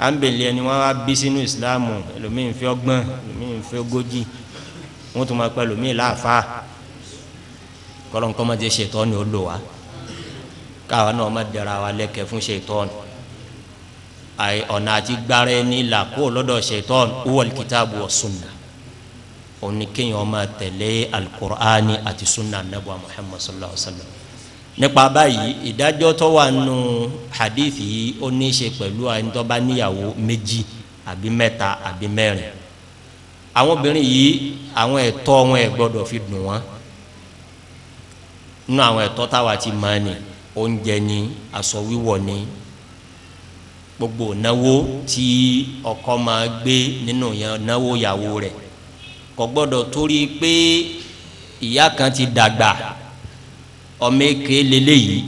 à ń bèlè ẹni wọn wá bí sínú ìsìláàmù ẹlòmíín fi ọgbọ́n ẹlòmíín fi ogójì wọn tún máa pẹ́ ẹlòmíín láàfa kọlọ́nkọ́ máa ti ṣètọ́ ni ó lò wá káwa náà máa dẹ̀ra wa lẹ́kẹ̀ẹ́ fún ṣètọ́ ni ọ̀nà àti gbára ẹni là kó lọ́dọ̀ ṣètọ́ wọ́n kìtàbù wa sunna òun máa tẹ̀lé alukur'ani àti sunna anabu muhammadu sallallahu alaihi wa sallam nípa báyìí ìdájọ́ tó wà nù hadithi yìí ó ní í ṣe pẹ̀lú ẹni tó bá níyàwó méjì àbí mẹ́ta àbí mẹ́rin àwọn obìnrin yìí àwọn ẹ̀tọ́ wọn ẹ̀ gbọ́dọ̀ fi dùn wọ́n nínú àwọn ẹ̀tọ́ táwa ti máa nì oúnjẹ ni aṣọ wíwọ̀ ni gbogbo náwó tí ọkọ máa gbé nínú náwó ìyàwó rẹ̀ kò gbọ́dọ̀ torí pé ìyá kan ti dàgbà ọmọ èké lélẹ́yìí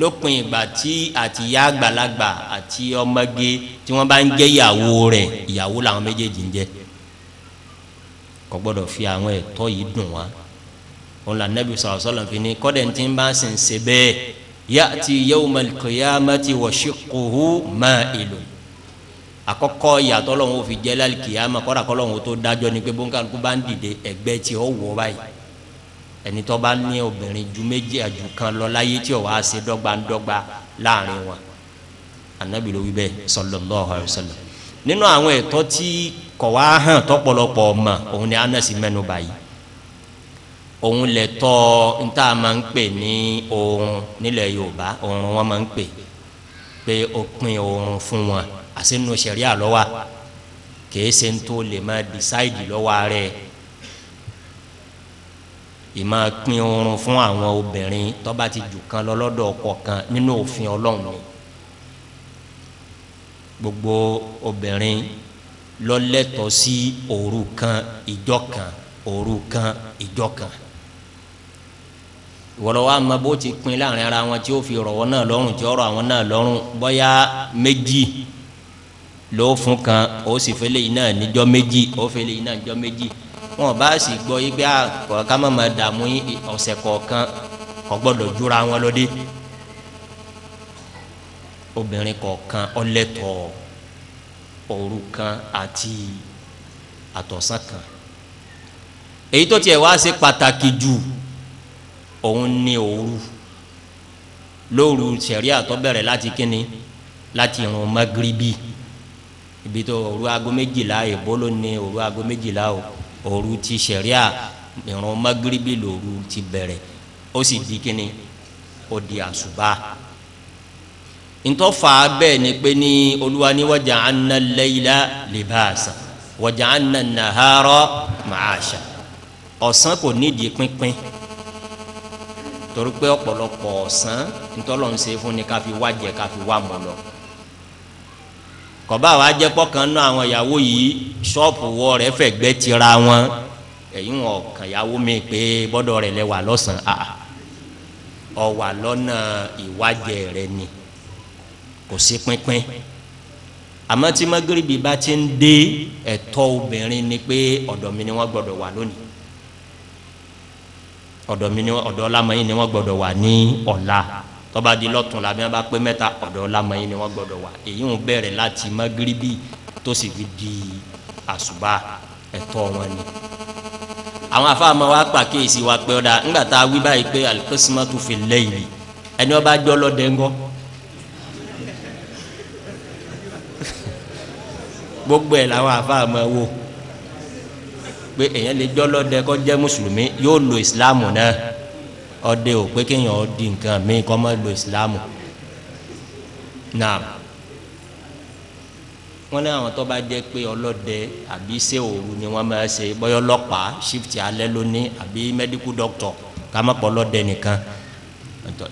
lópin ìgbà tí àtìyá àgbàlagbà àti ọmọge tí wọ́n bá ń jẹ́ ìyàwó rẹ̀ ìyàwó làwọn méjèèjì ń jẹ́ kò gbọ́dọ̀ fi àwọn ẹ̀tọ́ yìí dùn wá òun là nẹ́bí sọ̀rọ̀ sọ̀rọ̀ fi ni kọ́dẹ̀ tí ń bá sì ń ṣe bẹ́ẹ̀ ya'ti yawmal qiyamati wa shiqquhu ma'ilun àkọ́kọ́ ìyàtọ̀ lọ́wọ́ fi jẹ́ lálẹ́ kìyàmá tó dájọ́ ni pé bóńkà kó bá ń dìde ẹ̀gbẹ́ tí ó báyìí ẹni tó bá ní obìnrin ju méjì àjù kan lọ láyé tí ó wá ṣe dọ́gbandọ́gba láàrin wọn anabi ló wí bẹ́ẹ̀ sallallahu alaihi wasallam nínú àwọn ẹ̀tọ́ tí kò wá hàn tọ́pọ̀lọpọ̀ ọmọ òun ni anasi mẹ́nu báyìí òun lè tọ́ níta máa ń pè ní oorun nílẹ̀ yorùbá oorun wọn máa ń pè pé ó pin oorun fún wọn àsinu sẹ̀ríà lọ́wọ́ kèé se ń tó lè máa decide lọ́wọ́ rẹ̀ ìmọ̀ pin oorun fún àwọn obìnrin tó bá ti jù kan lọ́lọ́dọ̀ ọkọ kan nínú òfin ọlọ́run ni gbogbo obìnrin ló lẹ́tọ̀ọ́ sí òru kan ìjọ kan òru kan ìjọ kan ìwọlọwọ àmọ́ bó ti pin láàrin ara wọn tí ó fi rọwọ náà lọ́rùn tí ó rọ àwọn náà lọ́rùn bóyá méjì ló fún kan ó sì fẹlẹ yìí náà níjọ́ méjì ó fẹlẹ yìí náà níjọ́ méjì wọn bá sì gbọ́ yí pé ah, ká má máa dààmú ọ̀sẹ̀ kọ̀ọ̀kan kò gbọ́dọ̀ jura wọn lọ dé obìnrin kọ̀ọ̀kan ọlẹ́tọ̀ òru kan àti àtọ̀sán kan èyí tó tiẹ̀ wá ṣe pàtàkì jù òun ní òru lóru sẹ̀ríà tó bẹ̀rẹ̀ láti kíni láti irun magribi ibi tó òru aago méjìlá èbó ló ní òru aago méjìlá o òru ti sẹ̀ríà ìrun magiribi lòru ti bẹ̀rẹ̀ ó sì di kíni ó di àṣùbà ntọ́fà bẹ́ẹ̀ ni pé ní olúwa ní wa ja'anna al-layla libasa wa ja'anna an-nahara ma'asha ọ̀sán kò nídìí pínpín torí pé ọ̀pọ̀lọpọ̀ ọ̀sán ntọ́lọ́ ń ṣe fún ni káfi wá káfi wá kọba àwa jẹ́ pọ́kàn náà àwọn ìyàwó yìí ṣọ́ọ̀pù wọ rẹ̀ fẹ̀gbẹ́ tira wọn ẹ̀yìn wọn kàn yàwó mi pé bọ́dọ̀ rẹ̀ lẹ wà lọ́sàn-án ah, ọ wà lọ́nà ìwájẹ rẹ̀ ni kò sí pínpín àmọ́ tí magrebi bá ti ń dé ẹ̀tọ́ obìnrin ni pé ọ̀dọ̀ mi ni wọ́n gbọ́dọ̀ wà lónìí ọ̀dọ̀ mi ni ọ̀dọ̀ ọlámọyìn ni wọ́n gbọ́dọ̀ wà ní ọ̀la tọ́ba di lọ́tún la wọn bá pé mẹ́ta ọ̀dọ̀ lamọ̀yìn ni wọ́n gbọ́dọ̀ wà èyí ń bẹ̀rẹ̀ láti magiribi tó sì fi di àṣùbà ẹ̀tọ́ wọn ni. àwọn afáàmọ wa pàkíyèsí wa pé ọ̀dà ńgbà tá a wí báyìí pé alikẹ́sìmọ́tò fi lẹ́yìn ẹni wọn bá jọ lọ́dẹ ńgọ́. gbogbo ẹ̀ làwọn afáàmọ wò pé èèyàn lè jọ lọ́dẹ kọ́ mùsùlùmí yóò lo ìsìláàmù náà. ọdẹ o pé kéèyàn ó di nǹkan míì kọ́ mọ́ lo ìsìlámù náà wọ́n ní àwọn tó bá jẹ́ pé ọlọ́dẹ àbí iṣẹ́ òru ni wọn máa ṣe bọyọ ọlọ́pàá shift alẹ́ lónìí àbí medical doctor ká má pọ̀ ọlọ́dẹ nìkan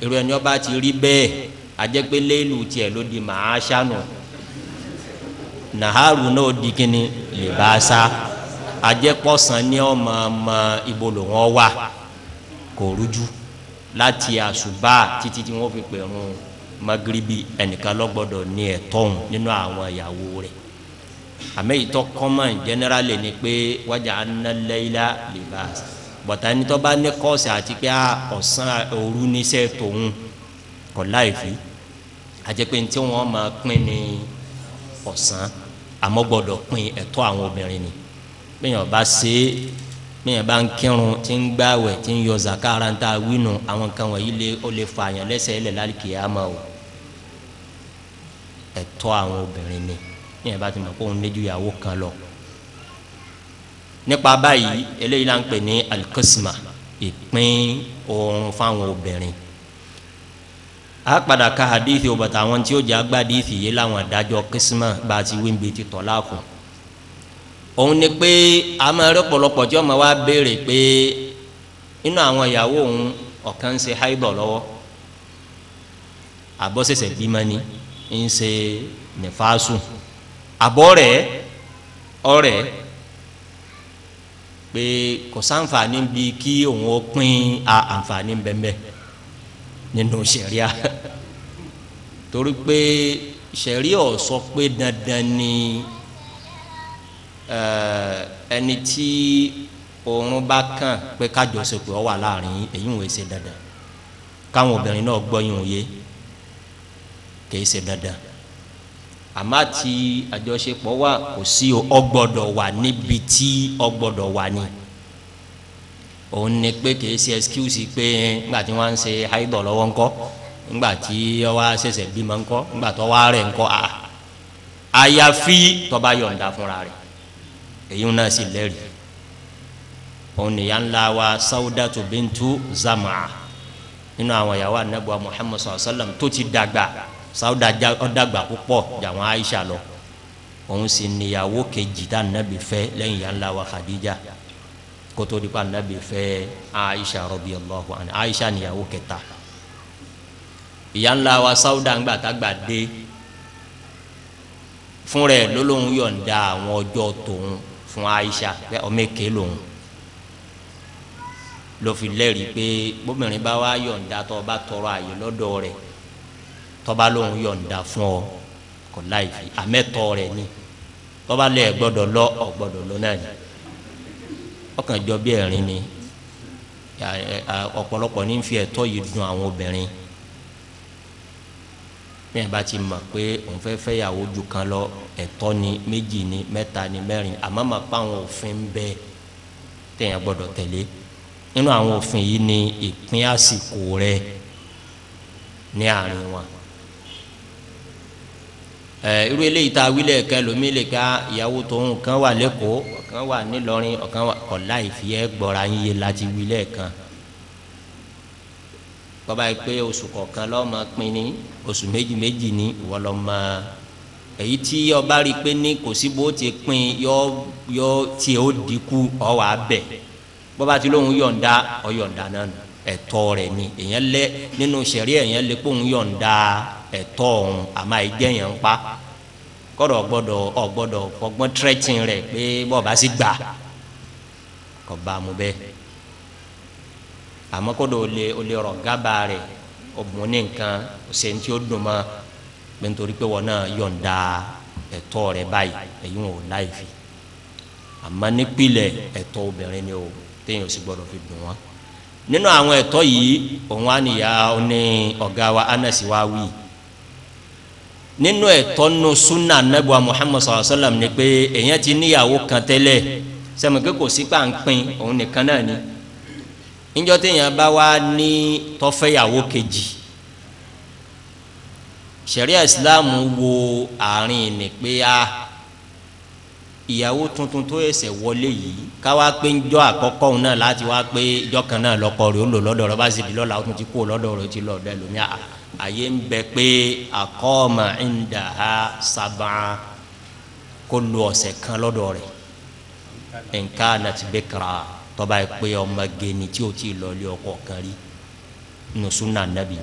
irú ẹni ọba ti rí bẹ́ẹ̀ pé léèlù tiẹ̀ ló di màá ṣànù nàhárù náà di kíni lè bá a sá ajẹ́pọ̀sán ni ọmọ ọmọ ibo lòun ọ wà kò rújú. láti àṣùbà títí tí wọ́n fi pè rún magiribi ẹnìkan lọ́gbọ́dọ̀ ní ẹ̀tọ́ òun nínú àwọn ìyàwó rẹ̀ àmọ́ ìtọ́ kọ́mọ̀ jẹ́nẹ́rálì ni pé wájà análẹ́yìlá libas bọ̀tà nítọ́ bá ní kọ́ọ̀sì àti pé ah, ọ̀sán òru níṣẹ́ tòun kọ̀ láìfi àjẹpé tí wọ́n máa pín ní ọ̀sán àmọ́ gbọ́dọ̀ pín ẹ̀tọ́ àwọn obìnrin ni bẹ́ẹ̀ yẹn ṣe é bẹ́ẹ̀ bá ń kírun tí ń gbàwẹ̀ tí ń yọ zakara ń ta wínu àwọn kan wọ̀nyí lé ó lè fa àyàn lẹ́sẹ̀ ẹ̀ lẹ̀ lálùkìyàmà o ẹ̀tọ́ àwọn obìnrin ni bẹ́ẹ̀ bá ti mọ̀ kó ń lé ju ìyàwó kan lọ. nípa báyìí eléyìí là ń pè ní alikosima ìpín oorun fáwọn obìnrin a padà ka hadithi o bàtà àwọn tí ó jẹ́ agbádìí fìyé láwọn adájọ́ kisima bá a ti wí ń bi ti tọ́ láàkùn. òun ni pé àmọ́ rẹ pọ̀lọpọ̀ tí ọmọ wa béèrè pé inú àwọn ìyàwó òun ọ̀kan ń ṣe haibọ̀ lọ́wọ́ àbọ̀sẹ̀sẹ̀ bímọ ni ń ṣe nífàásù àbọ̀ rẹ̀ ọ̀rẹ́ pé kò sáǹfààní bí kí òun ó pín àǹfààní bẹ́ẹ̀ nínú sẹ̀ríà torí pé sẹ̀ríà ọ̀ sọ pé dandan ni. Eh, ẹni tí oorun bá kàn pé kájọsepọ̀ ọ wà láàrin èyí ń wò ṣe dandan káwọn obìnrin náà gbọ́ yìí ń yé kìí ṣe dandan àmọ́ àti àjọṣepọ̀ wà kò sí ọgbọ́dọ̀ wà níbi tí ọgbọ́dọ̀ wà ni òun ni pé kìí ṣe excuse pé nígbà tí wọ́n ń ṣe haidọ̀ lọ́wọ́ ńkọ́ nígbà tí wọ́n ṣẹ̀ṣẹ̀ bímọ ńkọ́ nígbà tó wá rẹ̀ ńkọ́ àyàfi tó yọ̀ǹda fúnra rẹ̀ èyí náà sì lẹ́rìí òun nìyá ńlá wa Saudatu bintu Zamaa nínú àwọn ìyàwó anabuwa Muhammad sallallahu alaihi wa sallam tó ti dàgbà Sauda ọ̀dàgbà púpọ̀ jàwọn Aisha lọ òun sì níyàwó kejì tá anabi fẹ́ lẹ́yìn ìyá ńlá wa Khadija kótó dípa anabi fẹ́ Aisha radiyallahu anha Aisha níyàwó kẹta ìyá ńlá wa Sauda ńgbà dé fúnra ẹ̀ lólóhùn yọ̀ǹda àwọn ọjọ́ tòun fún Aisha pé ọmọ èké lòun ló fi lẹ́rìí pé bóbìnrin bá wá yọ̀ǹda tó bá tọrọ àyè lọ́dọ̀ rẹ̀ tó bá lòun yọ̀ǹda fún ọ kò láì fi àmẹ́tọ́ rẹ̀ ni tó bá lẹ̀ gbọ́dọ̀ lọ ọ̀ gbọ́dọ̀ lọ náà ni ọkàn jọ bí ẹ̀rín ni ọ̀pọ̀lọpọ̀ ní fi ẹ̀tọ́ yìí dùn àwọn obìnrin bẹ́ẹ̀ bá ti mọ̀ pé òun fẹ́ fẹ́ yàwó ju kan lọ ẹ̀tọ́ ni méjì ni mẹ́ta ni mẹ́rin àmọ́ mà pa àwọn òfin bẹ́ẹ̀ tẹ̀yìn gbọ́dọ̀ tẹ̀lé nínú àwọn òfin yìí ni ìpín àsìkò rẹ̀ ní àárín wọn irú eléyìí tá a wí lẹ́ẹ̀kẹ́ lómi lè ka ah, ìyàwó tóun kan wà lẹ́kọ̀ọ́ ọ̀kan wà nílọrin ọ̀kan wà ọ̀la ìfìyẹ́ gbọ́ra yín yé láti wí lẹ́ẹ̀kan bọ́ba yìí pé oṣù kọ̀ọ̀kan lọ́ọ́ máa pín ní oṣù méjì méjì ní ìwọ lọ́ọ́ máa èyí tí ọba rí i pé ní kò sí bó ti pín yọ yọ tí ó dínkù ọwọ́ abẹ bọ́ba ti lóun yọ̀ǹda ọ̀yọ̀ǹda náà nù ẹ̀tọ́ rẹ̀ ni èyàn lẹ nínú sẹ̀rí èyàn lè pé òun yọ̀ǹda ẹ̀tọ́ òun àmọ́ ẹ̀jẹ̀ yẹn ń pa kọ́dọ̀ ọ̀gbọ́dọ̀ ọ̀gbọ́dọ̀ fọgbọ́n tírẹ́tìn rẹ̀ pé bọ́ọ̀bá sì gbà kọ́ mu bẹ́ẹ̀ àmọ́ kódò ó lè ó lè rọ̀ gábà rẹ̀ ọ̀bùn ní nǹkan ṣe ń tí ó dùn mọ́ pé nítorí pé wọn náà yọ̀ǹda ẹ̀tọ́ rẹ̀ báyìí èyí wọn ò láì fi àmọ́ nípìlẹ̀ ẹ̀tọ́ obìnrin ni o téèyàn sì gbọ́dọ̀ fi dùn wọ́n nínú àwọn ẹ̀tọ́ yìí òun á nìyá ní ọ̀gá wa anasi wa wí nínú ẹ̀tọ́ nu sunna anabiwa muhammad sallallahu alaihi wa sallam ni pé èèyàn ti níyàwó kan tẹ́lẹ̀ sẹ́mi pé kò sí pàǹpin òun nìkan náà ni. Pe, níjọ́ téèyàn bá wá ní tọ́fẹ́yàwó kejì ṣẹ̀ríà ìsìláàmù wo àárín ní pé a ìyàwó tuntun tó ẹsẹ̀ wọlé yìí káwá pé ńjọ́ àkọ́kọ́ òun náà láti wá pé ìjọ́ kan náà lọ́kọ rẹ̀ ó lò lọ́dọ̀ rẹ̀ bá sì di lọ́la ó tún ti kú lọ́dọ̀ rẹ̀ ó ti lọ ọ̀dọ̀ ẹlòmíà àyè ń bẹ pé àkọ́ọ̀mà ń dà sábà kó lu ọ̀sẹ̀ kan lọ́dọ̀ rẹ̀ nǹkan àti bẹ́kẹ̀rẹ́ tọba yìí pé ọmọge ni tí o ti lọ ilé ọkọ kan rí nùsùnà nàbì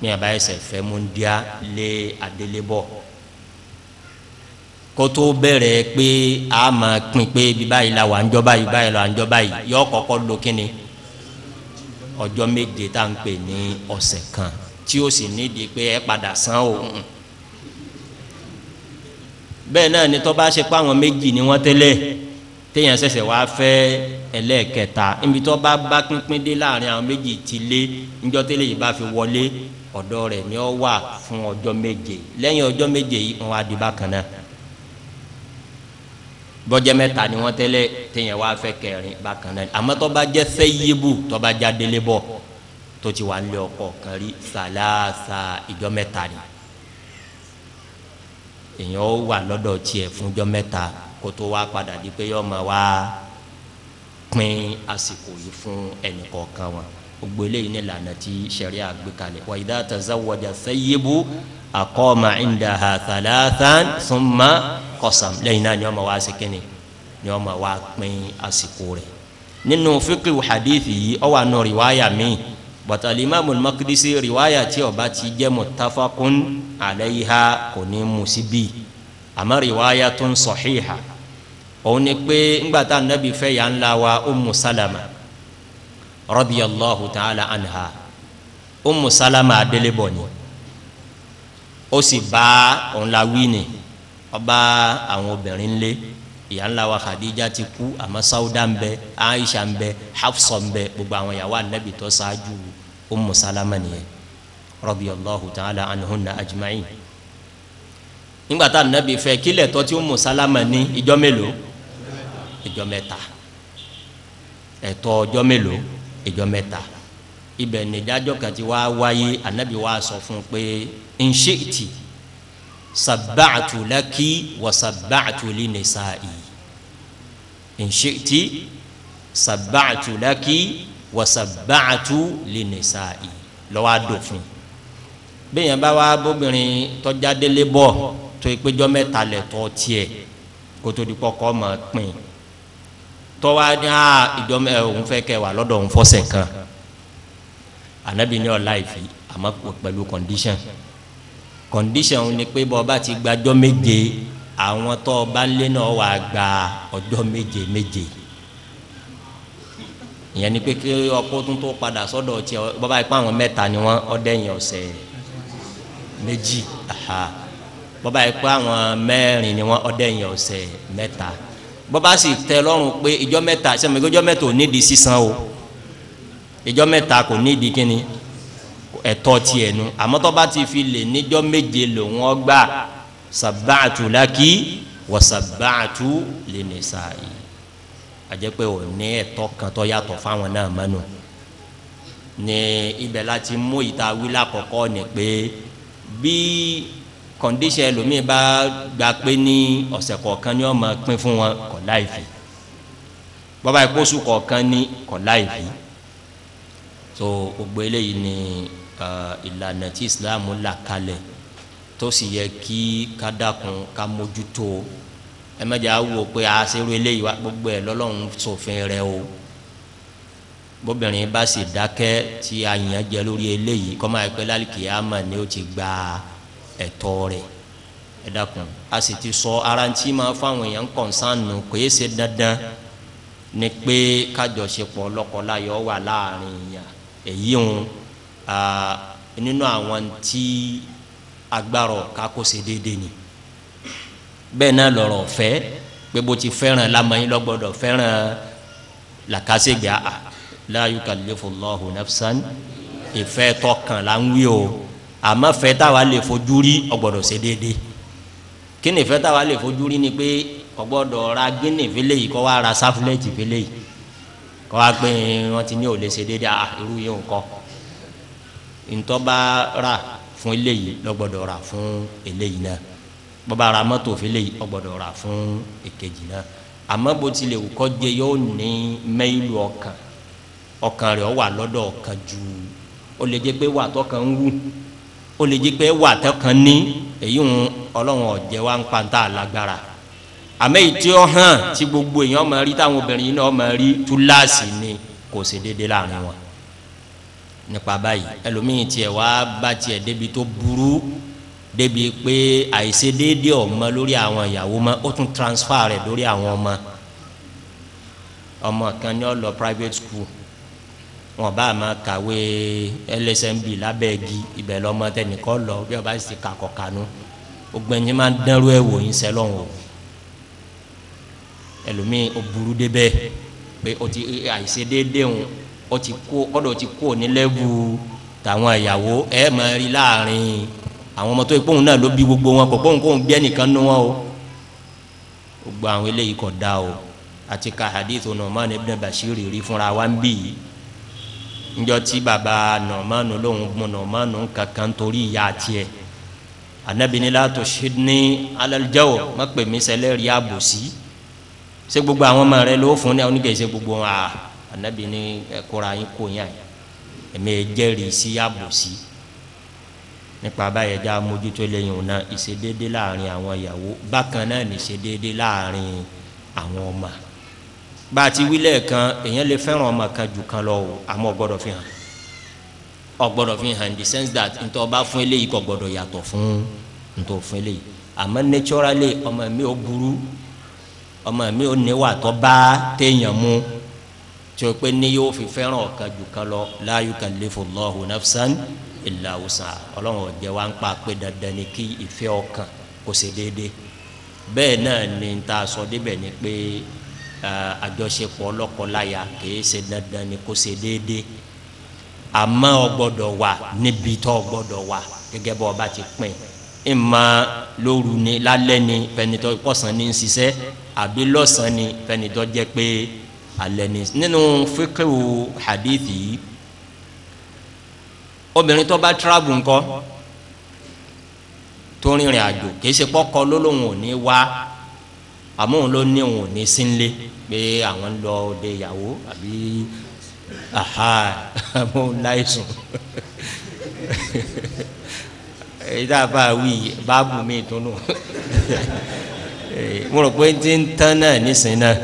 ní ẹ̀bá ẹsẹ̀ fẹ́ mú ń díá lé adélébọ̀ kótó bẹ̀rẹ̀ pé a máa pin pé báyìí la wà ń jọba yìí báyìí la wà ń jọba yìí yọ kọ́kọ́ lo kíni ọjọ́ méje tá ń pè ní ọ̀sẹ̀ kan tí o sì nídìí pé ẹ padà san o bẹ́ẹ̀ náà ni tọ́ba ṣe pé àwọn méjì ni wọ́n tẹ́lẹ̀ téèyàn ṣẹ̀ṣẹ̀ wá fẹ́ ẹlẹ́ẹ̀kẹta níbi tó bá bá pínpín dé láàrin àwọn méjì ti lé níjọ́ tẹ́lẹ̀ yìí bá fi wọlé ọ̀dọ̀ rẹ̀ ni ó wà fún ọjọ́ méje lẹ́yìn ọjọ́ méje yìí wọn á di bákan náà bọ́jẹ́ mẹ́ta ni wọ́n tẹ́lẹ̀ téèyàn wá fẹ́ kẹrin bákan náà àmọ́ tó bá jẹ́ sẹ́yìíbù tó bá já délé bọ̀ tó ti wà nílé ọkọ kan rí sàlàsà ìjọ mẹ́ta ni èèyàn wà lọ́dọ̀ tiẹ̀ fún ọjọ́ mẹ́ta kótó wa padà di pé yọọ ma wá pín àsìkò yìí fún ẹnìkọ̀ọ̀kan wọn gbogbo eléyìí ní lànà tí sariya gbé kalẹ̀ wa idha tazawwaja sayyibu aqama indaha thalathan thumma qasam lẹ́yìn náà ni wọ́n ma wá sí kínní ni wọ́n ma wá pín àsìkò rẹ̀ nínú fíkì hadithi yìí ó wà nù riwaya míì bàtà alimami makidisi riwaya tí ó ti jẹ́ muttafaqun alayha kò ní musi bíi àmọ́ riwaya tun sahiha òun ni pé ńgbàtà nàbì fẹ́ yà ńlá wa umu salama radiyallahu ta'ala anha umu salama adelebọ ni ó sì bá òun la wí ni ọba àwọn obìnrin lé ìyá ńlá wa khadija ti kú àmọ́ sauda ń bẹ aisha ń bẹ hafsa ń bẹ gbogbo àwọn ìyàwó anabi tó ṣáájú umu salama nìyẹn radiyallahu ta'ala anhunna ajma'in nígbà tá anabi fẹ́ kílẹ̀ tó ti umu salama ní ìjọ mélòó ìjọ mẹ́ta ẹ̀tọ́ ọjọ́ mélòó ìjọ mẹ́ta ibẹ̀ nìdájọ́ kan wá wáyé anabi wa sọ fún pé nṣeeti sabbaatu laki wa sabbaatu li nisa'i nṣeeti sabbaatu laki wa sabbaatu li nisa'i lọ́wọ́ àdófin bẹ́ẹ̀ bá wá bóbìnrin tọ́jádélé bọ̀ tó ìpéjọ́ mẹ́ta lẹ̀ tọ́ tiẹ̀ kótó dikọ́ pin tọ́wá ní a ah, ìdọ́mẹ òun fẹ́ kẹ wà lọ́dọ̀ òun fọ́sẹ̀ kan anabi ní ọ̀la ìfì àmọ́ pẹ̀lú condition condition ni pé bọ́ ọba ti gbàjọ́ méje àwọn tó ọba lé náà wà gba ọjọ́ méje méje ìyẹn ni pé kí ọkọ tún tó padà sọ́dọ̀ tiẹ̀ bọ́ba àwọn mẹ́ta ni wọ́n ọdẹ́yìn ọ̀sẹ̀ méjì bọ́ba ipá àwọn mẹ́rin ni wọ́n ọdẹ́yìn ọ̀sẹ̀ mẹ́ta bọ́bá sì tẹ lọ́rùn pé ìjọ mẹ́ta sẹ́mi ìjọ mẹ́ta ò nídìí sísan o ìjọ mẹ́ta kò nídìí kíni ẹ̀tọ́ tiẹ̀ nu àmọ́ tó bá ti fi lè níjọ́ méje lòun ọgbà sàbáàtú lákì wà sàbáàtú lè ní sàáyì àjẹpẹ́ ò ní ẹ̀tọ́ kan tó yàtọ̀ fáwọn náà mẹ́nu ní ibẹ̀ láti mú ìta wílà kọ̀kọ́ ni pé bí. Bi kọ̀ǹdíṣẹ̀ ẹlòmíì bá gba pé ní ọ̀sẹ̀ kọ̀ọ̀kan ni wọ́n máa pín fún wọn kọ̀ láìfi bọ́bá ìkóṣù kọ̀ọ̀kan ní kọ̀ láìfi so gbogbo eléyìí ni ìlànà tí Islam là kalẹ̀ tó sì yẹ kí ká dákun ká mójútó ẹ mẹ́jọ á wò pé àṣírí eléyìí wá gbogbo ẹ̀ lọ́lọ́run ṣòfin rẹ̀ o bóbìnrin bá sì dákẹ́ tí a yàn jẹ lórí eléyìí kọ́ máa ni ó ti gbà ẹ̀tọ́ rẹ̀ ẹ dákun a sì ti sọ ara ń tí máa fáwọn èèyàn kọ̀ǹsánù kò yé ṣe dandan ni pé kájọṣepọ̀ lọ́kọláyọ̀ wà láàrin ìyá èyí ń nínú àwọn tí agbára ọ̀ka kó ṣe déédéé ni bẹ́ẹ̀ náà lọ̀rọ̀ ọ̀fẹ́ pé bó ti fẹ́ràn lamọ́yìn lọ́gbọ́dọ̀ fẹ́ràn làkàṣègbè àà la yukallifu Allahu nafsan ìfẹ́ tọkàn là ń wí o àmọ́ fẹ́ táwa lè fojú rí ọgbọ́dọ̀ ṣe déédéé kí ni fẹ́ táwa lè fojú rí ni pé ọgbọ́dọ̀ ra gíní fele yìí kọ́ wa ra sáfúlẹ́ẹ̀tì fele yìí kọ́ wa pé wọ́n ti ní ò ṣe déédéé à ah, irú yìí nǹkan ntọ́ba ra fún eléyìí lọ́gbọ́dọ̀ ra fún eléyìí náà bọ́ba ra mọ́tò fele yìí ọgbọ́dọ̀ ra fún èkejì náà àmọ́ bó tilẹ̀ kọ́ jẹ yóò ní mẹ́ìlú ọkàn ọkàn rẹ̀ wà lọ́dọ̀ ọkàn ju ó lè jẹ́ pé wà tọkàn ń wù ó lè jí pé wà tẹ́kàn ní èyí ń ọlọ́run ọ̀jẹ̀ wa ń pantá lágbára àmọ́ èyí tí ó hàn tí gbogbo èèyàn máa rí táwọn obìnrin yìí náà máa rí túláàsì ni kò sí déédéé láàrin wọn nípa báyìí ẹlòmíyìn tiẹ̀ wá bá tiẹ̀ débi tó burú débi pé àìṣe ọmọ lórí àwọn ìyàwó mọ́ ó tún transfer rẹ̀ lórí àwọn ọmọ ọmọ kan ní ó lọ private school wọn bá ma kàwé lsmb lábẹ́ igi ibẹ̀ lọ́mọ tẹnìkan lọ bí wọn bá sì kakọ̀ kanú gbogbo ẹni máa ń dánrú ẹ wò yín sẹ́lọ̀n o ẹlòmíì ó burú débẹ̀ pé ó ti àìṣe déédéé o ó ti kó ọ̀dọ̀ ti kó ní lẹ́bù tàwọn ìyàwó ẹ máa rí láàrin àwọn ọmọ tó yẹ kóhun náà ló bí gbogbo wọn kò kóhun kóhun bí ẹnìkan nú wọn o gbogbo àwọn eléyìí kò dáa o àti ka hadith Nu'man ibn Bashir rí fúnra wa ń bì yìí njọ tí baba nọ̀mánu lòun mú nọ̀mánu kankan torí ìyá tiẹ̀ anabinila tó ṣidni alalijawo má pè mí sẹlẹ̀rì àbòsí ṣé gbogbo àwọn ọmọ rẹ ló fún ní àwọn oníkẹ́ ṣe gbogbo wọn ah, àá anabini ẹ̀kọ́ra yín kò yàn yín ẹ̀mí ẹ̀jẹ̀rìí sí àbòsí nípa báyẹn já mójútó lẹ́yìn ọ̀nà ìṣedéédé láàrin àwọn ìyàwó bákan náà ní ìṣedéédé láàrin àwọn ọmọ. bá a ti wí lẹ́ẹ̀kan ọmọ kan jù kan lọ o àmọ́ ọgbọ́dọ̀ fi hàn ọgbọ́dọ̀ fi hàn in the sense that ntọ́ bá fún eléyìí kò gbọ́dọ̀ yàtọ̀ fún fún eléyìí àmọ́ ọmọ mi ò burú ọmọ mi ò mu tí o pé ní yóò fi fẹ́ràn ọ̀kan jù kan lọ la yukallifu Allahu nafsan illa ọlọ́run pé dandan ni kí ìfẹ́ ọkàn kò déédéé bẹ́ẹ̀ náà ni ta sọ ni pé. Eh, àjọṣepọ̀ ọlọ́kọláya kìí ṣe dandan ni kó ṣe déédéé àmọ́ ọ gbọ́dọ̀ wà níbi tó ọ gbọ́dọ̀ wà gẹ́gẹ́ bọ́ ọba ti pín in ma lóru ni lálẹ́ ni fẹnitọ́ pọ̀sán ni ń ṣiṣẹ́ àbí lọ́sàn ni fẹnitọ́ jẹ́ pé alẹ́ ni nínú fíkẹ́wò hadithi yìí obìnrin tó bá tíráàbù ńkọ́ tó rìnrìn àjò kìí ṣe pọ́kọ lólóhùn ò wá àmọ́ òun ló ní òun ò ní sínlé pé àwọn ń lọ òde ìyàwó àbí aha àmọ́ òun láì sùn èyí tá a bá wí báàbù mi dùnú mo rò pé tí ń tán náà nísìnyí náà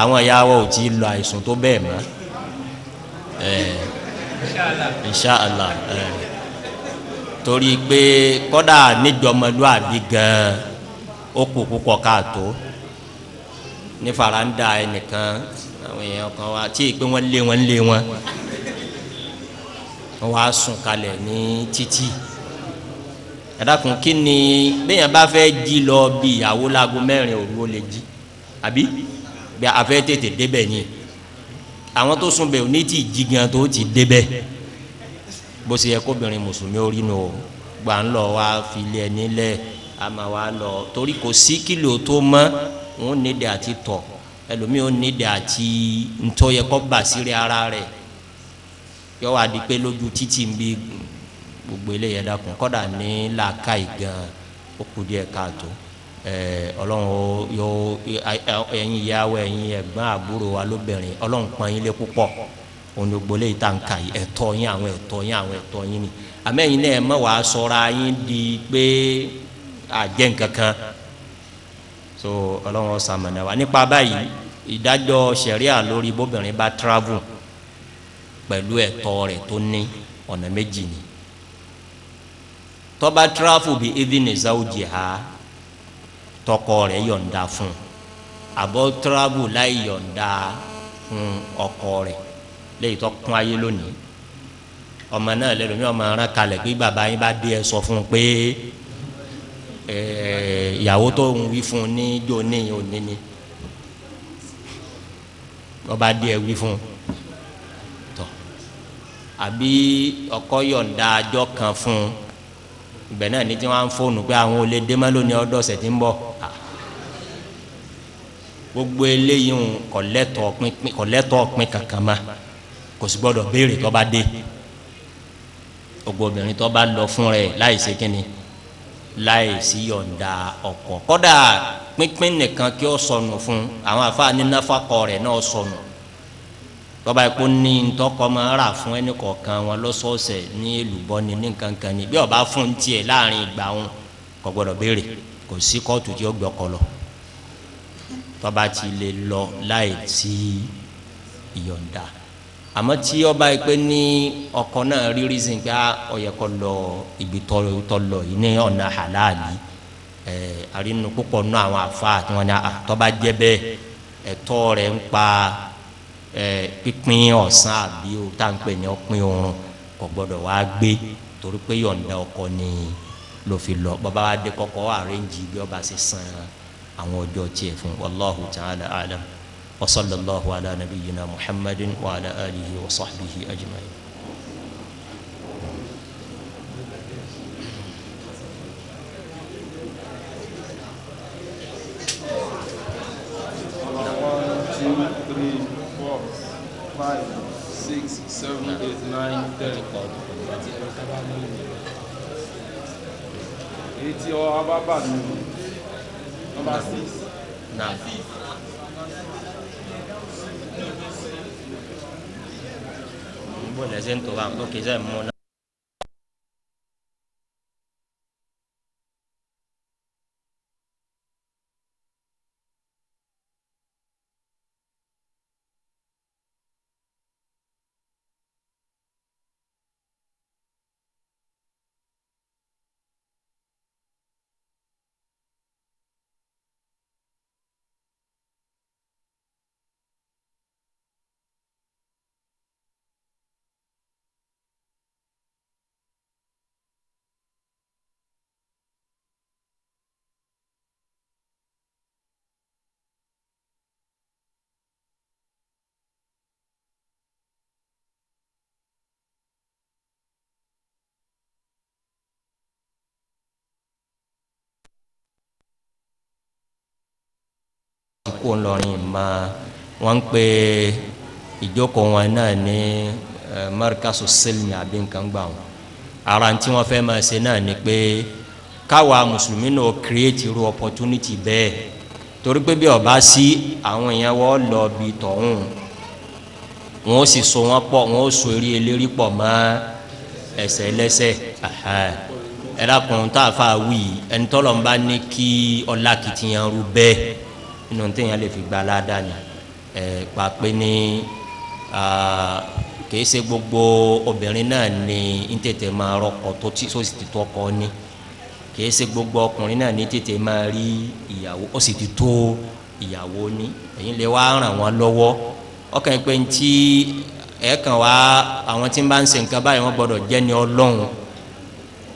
àwọn ìyàwó ò tí ì lọ àìsùn tó bẹ́ẹ̀ mọ́ inṣàlá torí pé kọ́dà níjọ́mọlúàbí gan-an ó kù púpọ̀ káàtó ní faranda ẹnìkan àwọn èèyàn kan wá tí ì pé wọ́n lé wọn lé wọn wọ́n wá sùn kalẹ̀ ní títì ẹ̀dàkùn kí ni bẹ́ẹ̀ bá fẹ́ jí lọ bí ìyàwó láago mẹ́rin òru ó lè jí àbí bí a fẹ́ tètè débẹ̀ ni àwọn tó sùn bẹ̀ ò ní tí ì jí gan tó ti débẹ̀ bó ṣe yẹ kóbìnrin mùsùlùmí ó rí nu o gbà ń lọ wá fi lé àmà wá lọ torí kò sí kìlò tó mọ́. wọn nídìí àti tọ ẹlòmíì wọn nídìí àti ntọ́yẹ kọ́ bà sírí ara rẹ yọ wá di pé lójú títì bí gbogbo eléyẹ dákun kọ́dà ní làákà ìgàn ó kù díẹ̀ ọlọ́run yọ ẹ̀yin ìyàwó ẹ̀yin ẹ̀gbọ́n àbúrò wa lóbìnrin yín lé òun tá n kà yìí yín àwọn yín àwọn yín ni náà di àjẹ́ so ọlọ́run ọ̀sàmọ̀nà wa nípa báyìí ìdájọ́ sẹ̀ríà lórí bóbìnrin bá travel pẹ̀lú ẹ̀tọ́ rẹ̀ tó ní ọ̀nà méjì ni tọ́ba travel bí idhini zawjiha tọkọ rẹ̀ yọ̀ǹda fún àbọ̀ travel láì yọ̀ǹda fún ọkọ rẹ̀ léyìí tó kún ayé lónìí ọmọ náà lẹ́nu mi ọmọ aràn kalẹ̀ pé bàbá yín bá dé ẹ sọ fún un pé ìyàwó tó ń wí fún ní jò ní òní ni ọba díẹ̀ wí fún tọ àbí ọkọ yọ̀ǹda ajọ́ kan fún ibẹ̀ náà ní tí wọ́n á ń fóònù pé àwọn olè dé mẹ́lò ní ọdọ̀ ọ̀sẹ̀ tí ń bọ̀ gbogbo eléyìí ń kọ̀lẹ́tọ̀ ọ̀pin kankan ma kò sì gbọ́dọ̀ béèrè tó bá dé gbogbo obìnrin tó bá lọ fún rẹ̀ láì ṣe kínni láìsí yọ̀ǹda ọkọ kódà pínpín nìkan kí ó sọnù fún àwọn àfáàní náfàkọ rẹ̀ náà sọnù tọ́ba ikú ní ntọ́kọ máa rà fún ẹnì kọ̀ọ̀kan wọn lọ́sọ̀ọ̀sẹ̀ ní èlùbọ́ ní kankan ni bí ọba fún tiẹ̀ láàrin ìgbà wọn kò gbọdọ̀ béèrè kò sí kóòtù tí ó gbọ́kọ lọ tọ́ba ti lè lọ láìsí yọ̀ǹda àmọ́ tí ọba yìí pé ní ọkọ náà rí reason pé ọyẹ ah, kọ lọ ibi tọ lọ yìí ní ọ̀nà halali ẹ àrínú púpọ̀ nù àwọn afa àti wọn ní àtọ́ba ah, jẹ́ bẹ́ẹ̀ ẹ̀tọ́ rẹ̀ ń pa ẹ pínpín ọ̀sán àbí o tá à ń pè ní ọpín oorun kò gbọdọ̀ wá gbé torí pé yọ̀ǹda ọkọ ni ló fi lọ bàbá wa dé kọ́kọ́ àrẹ́ǹjì bí ọba ṣe san àwọn ọjọ́ tiẹ̀ fún wallahu ta'ala alam. وصلى الله على نبينا محمد وعلى آله وصحبه أجمعين Eighty or about about number six. Nine. buồn để dân tổ vào có cái giờ mua kó ńlọrin ma wọ́n pe ìjókòó wọn náà ní markaso selmi àbí nǹkan gbà wọn ara tí wọ́n fẹ́ máa ṣe náà ni pé káwa mùsùlùmí náà create ru opportunity bẹ́ẹ̀ torí pé bí ọba sí àwọn èèyàn wọ́n lọ bí tọ̀hún wọn ó sì so wọn pọ̀ wọn ó so eré eléré pọ̀ mọ́ ẹsẹ̀ lẹ́sẹ̀ ẹ̀dá kan tá a fà wí ẹnitọ́lọ́mbá ní kí ọlá kìtìyàn rú bẹ́ẹ̀ inú téèyàn lè fi gba aládàá ni ẹ pàpẹ ní kìí ṣe gbogbo obìnrin náà ni ń tètè máa rọkọ tó ti tó ti tó ọkọ ni kìí ṣe gbogbo ọkùnrin náà ní tètè máa rí ìyàwó ó sì ti tó ìyàwó ni èyí lè wá ràn wọ́n lọ́wọ́ ọkàn pé ń tí ẹ kàn wá àwọn tí ń bá ń ṣe nǹkan báyìí wọ́n gbọ́dọ̀ jẹ́ ni ọlọ́run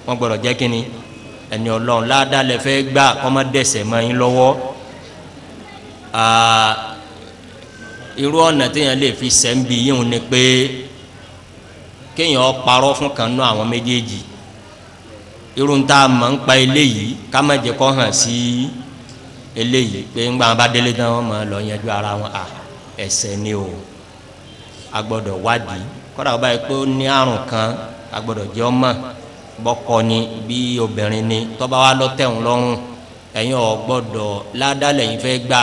wọ́n gbọ́dọ̀ jẹ́ kínni ẹni ọlọ́run ládàá lè fẹ́ gbà kọ́ má yín lọ́wọ́ irú ọ̀nà téèyàn lè fi sẹ́ńbi yíyún ni pé kéèyàn parọ́ fún kan nú àwọn méjèèjì irú ń tá a mọ̀ ń pa eléyìí ká má jẹ́ kó hàn sí eléyìí pé ńgbà bá délé tán wọ́n mọ̀ lọ yanjú ara wọn à ẹ̀ṣẹ̀ ni o a gbọ́dọ̀ wádìí kọ́dà bá yẹ pé ó ní àrùn kan a gbọ́dọ̀ jẹ́ ọmọ bọ́kọ ni bí obìnrin ni tọ́ba wa lọ́tẹ̀hún lọ́rùn ẹ̀yin ò gbọ́dọ̀ ládàlẹ̀ yìí fẹ́ gbà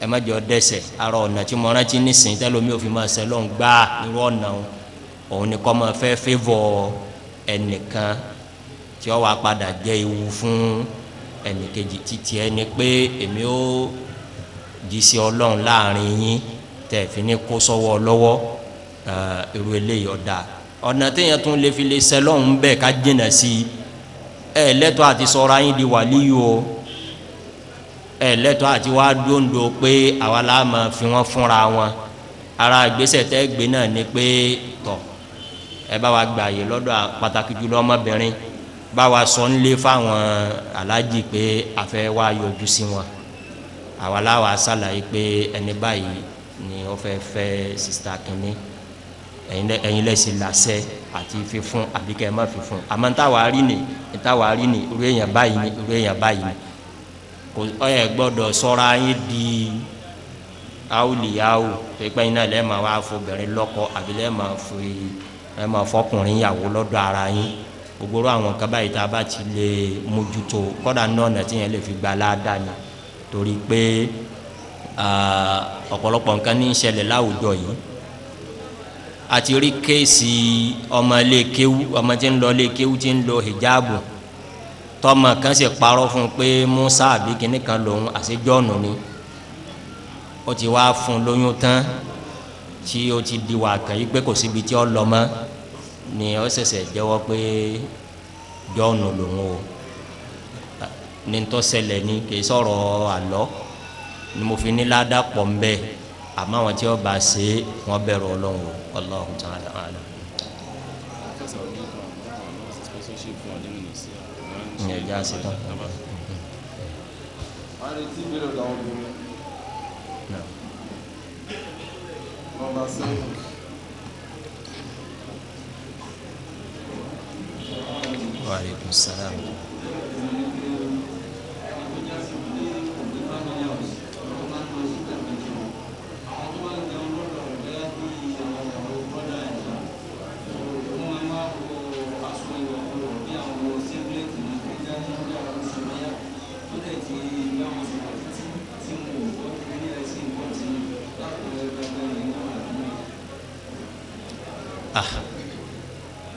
ẹ má jọ dẹ́ṣẹ̀ ara ọ̀nà tí mo rántí nísìnyí tẹ́lómi òfin máa ṣe lọ́n gbá irú ọ̀nà òun ni kọ́ máa fẹ́ fẹ́vọ̀ ẹnìkan tí ó wàá padà jẹ́ ewu fún ẹnìkejì títí ẹni pé èmi ó jíṣẹ́ ọlọ́run láàrin yín tẹ̀ fi ní kó sọ́wọ́ lọ́wọ́ irú eléyìí ọ̀dà ọ̀nà téèyàn tún lè fi lè ṣe lọ́hùn bẹ́ẹ̀ ká jìnà sí ẹ lẹ́tọ̀ọ́ àti sọ̀rọ̀ ayín di wàlíyù o ẹlẹ́tọ́ àti wá dóńdó pé àwa la máa fi wọ́n fúnra wọn ara ìgbésẹ̀ tẹ́ gbé náà ni pé tọ̀ ẹ bá wa gbà yé lọ́dọ̀ pàtàkì jùlọ ọmọbìnrin bá wa sọ nílé fáwọn aláàjì pé a fẹ́ wá yọjú sí wọn àwa láwa ṣàlàyé pé ẹni báyìí ni wọ́n fẹ́ fẹ́ sista kínní ẹ̀yin lẹ́sìn làṣẹ àti fífún àbíkẹ́ ẹ má fífún àmọ́ táwa rí ni táwa rí ni irú èèyàn báyìí ni irú èèyàn báyìí ni ọyẹ gbọ́dọ̀ sọra yín di awuliyawo pépé iná lẹ máa wá fobìnrin lọ́kọ àbí lẹ máa fo ẹ máa fọkùnrin yàwó lọ́dọ̀ ara yín gbogbo àwọn kaba yìí tá a bá ti lè mójútó kọ́dà nọ́ọ̀nà tí yẹn lè fi gba aláàdá ni torí pé ọ̀pọ̀lọpọ̀ nǹkan ní í ṣẹlẹ̀ láwùjọ yìí àti rí kéèsì ọmọ ilé kéwú ọmọ tí ń lọ ilé kéwú tí ń lọ hijabu tọmọ kan sì parọ́ fún un pé musa àbí kínní kan lòun àti jọ́ọ̀nù ni ó ti wá fún un lóyún tán tí ó ti di wà kàn yí pé kò síbi tí ó lọ mọ́ ni ó ṣẹ̀ṣẹ̀ jẹ́wọ́ pé jọ́ọ̀nù lòun o ní tó ṣẹlẹ̀ ni kì í sọ̀rọ̀ àlọ́ ni mo fi ní ládàpọ̀ ń bẹ́ẹ̀ àmọ́ àwọn tí ó bá ṣe wọ́n bẹ̀rù ọlọ́run o ọlọ́run tán àlọ́. ní ẹja ṣetán. wọ́n Wa alaikum salaam.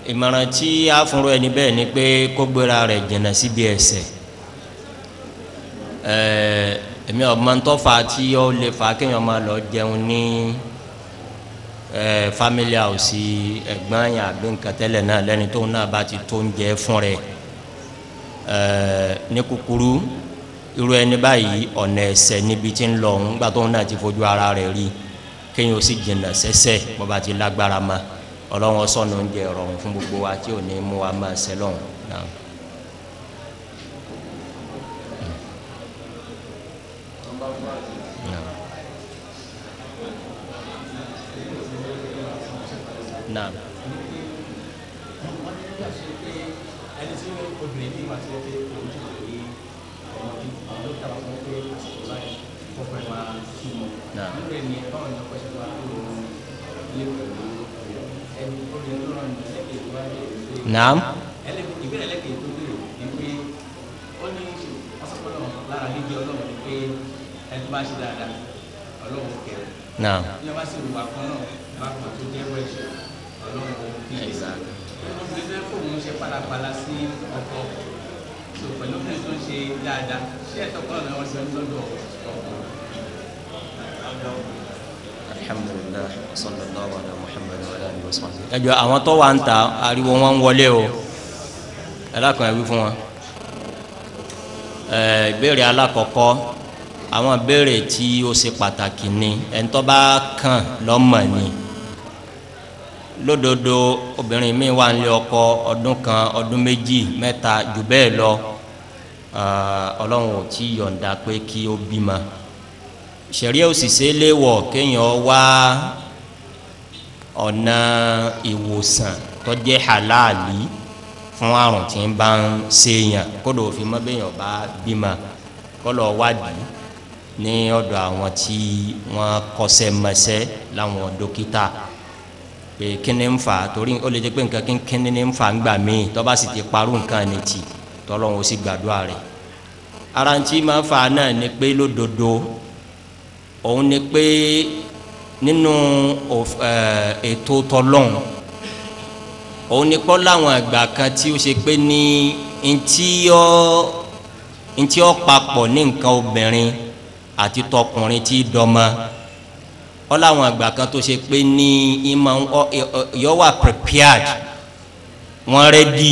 ìmọ̀ràn tí a fúnra ẹni bẹ́ẹ̀ ni pé kó gbéra rẹ̀ jìnnà síbi ẹ̀ṣẹ̀ ẹ̀ẹ́ èmi ọ̀mọ ntọ́ fa tí ó lè fa kéèyàn máa lọ jẹun ní ẹ̀ẹ́ family house ẹ̀gbọ́n yẹn àbí nǹkan tẹ́lẹ̀ náà lẹ́ni tóun náà bá ti tó ń jẹ fún rẹ̀ ẹ̀ẹ́ ní kúkúrú irú ẹni báyìí ọ̀nà ẹ̀ṣẹ̀ níbi tí ń lọ òun gbà tóun náà ti fojú ara rẹ̀ rí kéèyàn ó sì jìnnà sẹ́sẹ̀ bó bá ti lágbára máa ọlọ́run ọ̀sán ló ń jẹ ọ̀rọ̀ fún gbogbo wa tí ò ní mú wa máa ṣẹlọ́run náà. ẹjọ àwọn tó wà ń ta ariwo wọn ń wọlé o ẹlẹ́kùn ẹ̀wí fún wọn. ìbéèrè alákọ̀ọ́kọ́ àwọn ìbéèrè tí ó ṣe pàtàkì ni ẹni tó bá kàn lọ́mọ ni lódodo obìnrin mi wà ń lé ọkọ ọdún kan ọdún méjì mẹ́ta jù bẹ́ẹ̀ lọ ọlọ́run ò tí yọ̀ǹda pé kí ó bímọ ṣẹ̀ríà òṣìṣẹ́ léwọ̀ kéèyàn wá ọ̀nà ìwòsàn tó jẹ́ halali fún àrùn tí ń bá ń ṣèyàn kódò òfin mọ́ bẹ́yàn bá bímọ kọ́lọ̀ wádìí ní ọ̀dọ̀ àwọn tí wọ́n kọ́ṣẹ́ mọṣẹ́ láwọn dókítà pé kíni ń fà torí ó lè jẹ́ pé nǹkan kíni ń fa ń gbà míì tó bá sì ti parú nǹkan ní tọ́lọ́run ó sì gbàdúrà rẹ̀ ara ń tí máa fà náà ni pé lódodo òun ni pé nínú eh, ètò tọlọ́n òun ni kọ́ láwọn àgbà kan tí ó ṣe pé ní ntí ọ papọ̀ ní nǹkan obìnrin àti tọkùnrin tí dọ́mọ ọ láwọn àgbà kan tó ṣe pé ní ìmọ̀ yọ prepared wọ́n rẹ́dí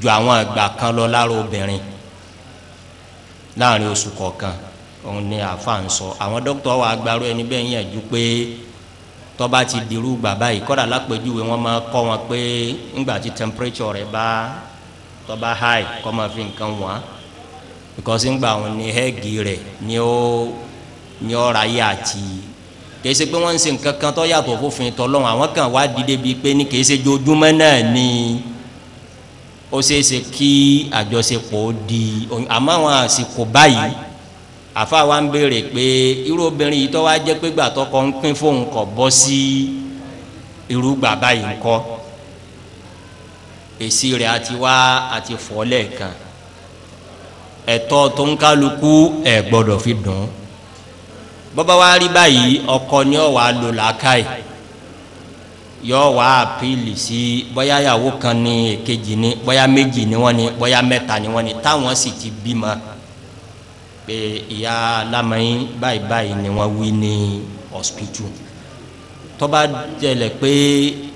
ju àwọn àgbà kan lọ lára obìnrin láàrin oṣù kọ̀ọ̀kan òun ni àfa ń sọ àwọn dókítà wa gbàrú ẹni bẹ́ẹ̀ yẹn ju pé tọ́ba ti dirú bàbá yìí kọ́dà lápèjúwe wọ́n máa kọ́ wọn pé ńgbà tí temperature rẹ̀ bá tọ́ba high kọ́ máa fi nǹkan wọ́n because ńgbà wọn ni hẹ́ẹ̀gì rẹ̀ ni ó ni ó ráyè àti kìí ṣe pé wọ́n ń ṣe nǹkan kan tó yàtọ̀ fófin tọ́lọ́run àwọn kan wá dìde bíi pé ní kìí jojúmọ́ náà ni ó ṣeé ṣe kí àjọṣepọ̀ di àmọ́ àwọn àsìkò báyìí àfa wa ń béèrè pé irú obìnrin yìí tó wá jẹ́ pé gbà tọkọ ń pín fóun kọ̀ bọ́ sí irú bàbá yìí ń kọ́ èsì rẹ̀ àti wá àti fọ́ lẹ́ẹ̀kan ẹ̀tọ́ tó ń kálukú ẹ̀ gbọ́dọ̀ fi dùn bọ́bá wa rí báyìí ọkọ ni ọ̀ wá lò làákàyè yóò wá àpìlì sí bóyá yàwó kan ní èkejì ní bóyá méjì ní wọ́n ní bóyá mẹ́ta ní wọ́n ní táwọn sì ti bímọ. Si pé ìyá alámọ̀yìn báyìí báyìí ni wọ́n wí ní hospital tọ́ba jẹlẹ̀ pé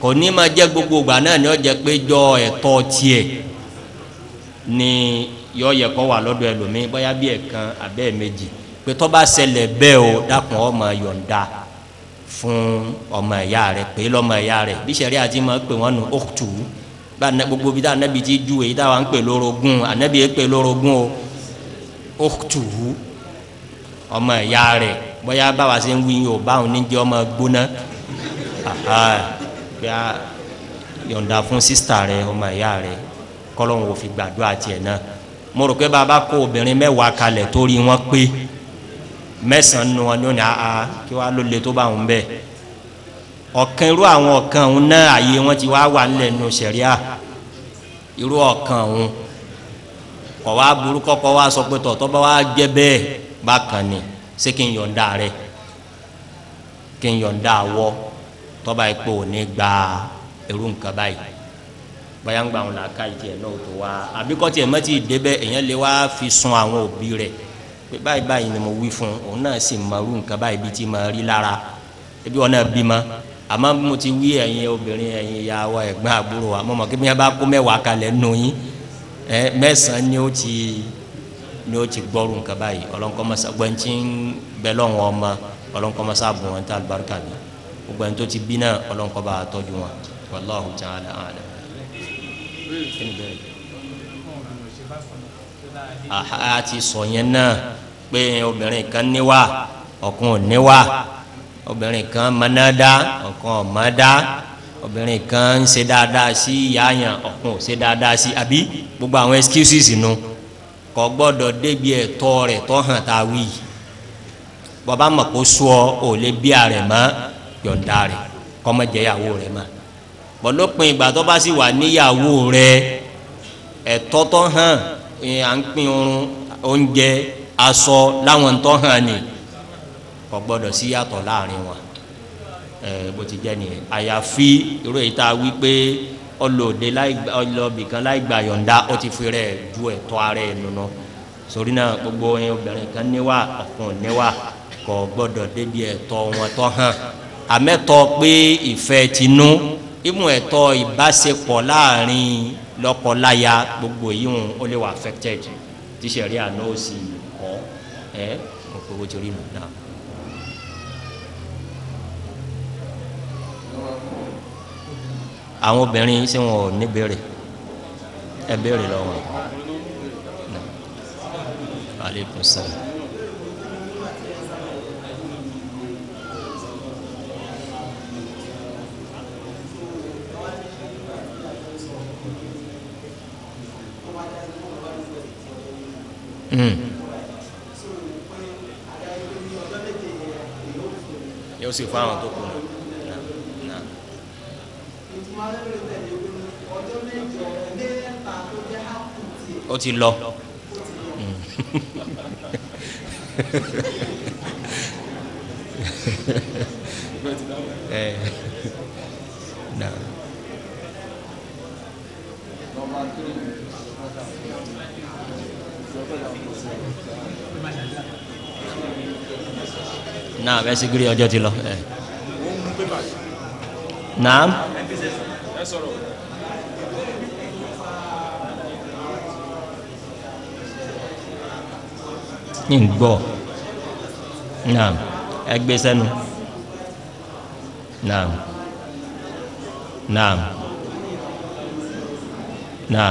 kò ní ma jẹ́ gbogbo ìgbà náà ni ó jẹ́ pé jọ ẹ̀tọ́ tiẹ̀ ni yọ yẹ kọ́ wà lọ́dọ̀ ẹlòmíín bóyá bí ẹ̀kan abẹ́ méjì pé tọ́ba ṣẹlẹ̀ bẹ́ẹ̀ o dákun ọmọ yọ̀ǹda fún ọmọ ìyá rẹ̀ pé lọ́mọ ìyá rẹ̀ bí sẹ́rí àti mọ̀ pé wọ́n nu ọ̀tù gbogbo bí dáa anabi ti ju èyí táwa ń pè lórogún anabi yẹ pè lórogún o ọ̀tùwù ọmọ ìyá rẹ̀ bóyá báwa ṣe ń wí yóò báwọn níjẹ́ ọmọ gbóná bóyá yọ̀ǹda fún sísítà rẹ̀ ọmọ ìyá rẹ̀ kọ́lọ́hún òfin gbàdúrà tiẹ̀ náà mo rò pé bàbá kó obìnrin mẹ́wàá kalẹ̀ torí wọn pé mẹ́sàn-án nu wọn lónìí àá kí wàá ló le tó bá wọn bẹ́ẹ̀ ọ̀kan irú àwọn ọ̀kan òun náà àyè wọn ti wá wà nílẹ̀ nù sẹ̀ríà irú ọ̀kan òun kọ̀ wá burú kọ́kọ́ wá sọ pé tọ̀tọ́ bá wá jẹ́ bẹ́ẹ̀ bákan ni ṣé kí n yọ̀ǹda rẹ̀ kí n yọ̀ǹda wọ́ tọ́ba ipò ní gba irú nǹkan báyìí báyà ń gba àwọn làákà ìtì ẹ̀ náà tó wá àbíkọ́ tiẹ̀ mọ́ ti débẹ̀ èèyàn lè wá fi sun àwọn òbí rẹ̀ pé báyìí báyìí ni mo wí fún un òun náà sì mọ irú nǹkan báyìí bí ti mọ rí lára ebi wọn náà bí ma àmọ́ mo ti wí ẹ̀yin obìnrin ẹ̀yin ìyá ẹ̀gbọ́n àbúrò wa mọ̀ kí mi bá kó mẹ́wàá kalẹ̀ nù yín ẹ eh, mẹ́sàn-án ni ó ti ni ó ti gbọ́rùn kaba yìí ọlọ́nkọ́mọsá gbẹ̀ntì ń bẹ lọ́wọ́ ọmọ ọlọ́nkọ́mọsá bùn wọn tá àlùbáríkà o gbẹ̀ntì ó ti bí náà ọlọ́nkọ́ba àtọ́jú wọn wàláhùn ta'ala a'lam a ti sọ yẹn náà pé obìnrin kan níwà ọkùnrin níwà obìnrin kan mọ̀nádá ọkùnrin ọ̀mọ̀dá obìnrin kan ń ṣe dáadáa sí ìyá yẹn ọ̀kun ò ṣe dáadáa sí àbí gbogbo àwọn excuses nu kò gbọ́dọ̀ débi ẹ̀tọ́ rẹ̀ tó hàn tá a wí bàbá mọ̀ kó sọ ò lè bí ààrẹ mọ́ yọ̀ǹda rẹ̀ kọ́mọ̀jẹ̀yàwó rẹ̀ mọ́ bọ̀lópin ìgbà tó bá sì wà níyàwó rẹ̀ ẹ̀tọ́ tó hàn à ń pín oorun oúnjẹ aṣọ láwọn tó hàn ni kò gbọ́dọ̀ sí yàtọ̀ láàrin wọn ẹ bó ti jẹ́ nìyẹn àyàfi irú èyí tá a wí pé ọlọ́ọ̀dẹ ọlọ́ọ̀bìkan láì gbà yọ̀ǹda ó ti fi rẹ̀ ju ẹ̀tọ́ ara ẹ̀ nùnà sórí náà gbogbo ẹ̀yin obìnrin kan níwà ọ̀kan níwà kò gbọ́dọ̀ débi ẹ̀tọ́ wọn tọ́ hàn àmẹ́tọ́ pé ìfẹ́ tinú ìmú ẹ̀tọ́ ìbáṣepọ̀ láàrin lọ́kọ-láya gbogbo yìí ó lè wà affected tíṣẹ̀rí àná ó sì kọ́ ẹ́ mo pé owó torí nù náà. àwọn obìnrin ṣé wọn ò ní béèrè ẹ béèrè lọ́wọ́ aleykum salaam. Hmm. yóò sì fún àwọn tó kù náà ó ti lọ mm. eh. náà bẹ́ẹ̀ sì gírí ti lọ. Eh naam ní gbọ́ naam ẹgbẹ́ sẹ́nu naam naam naam.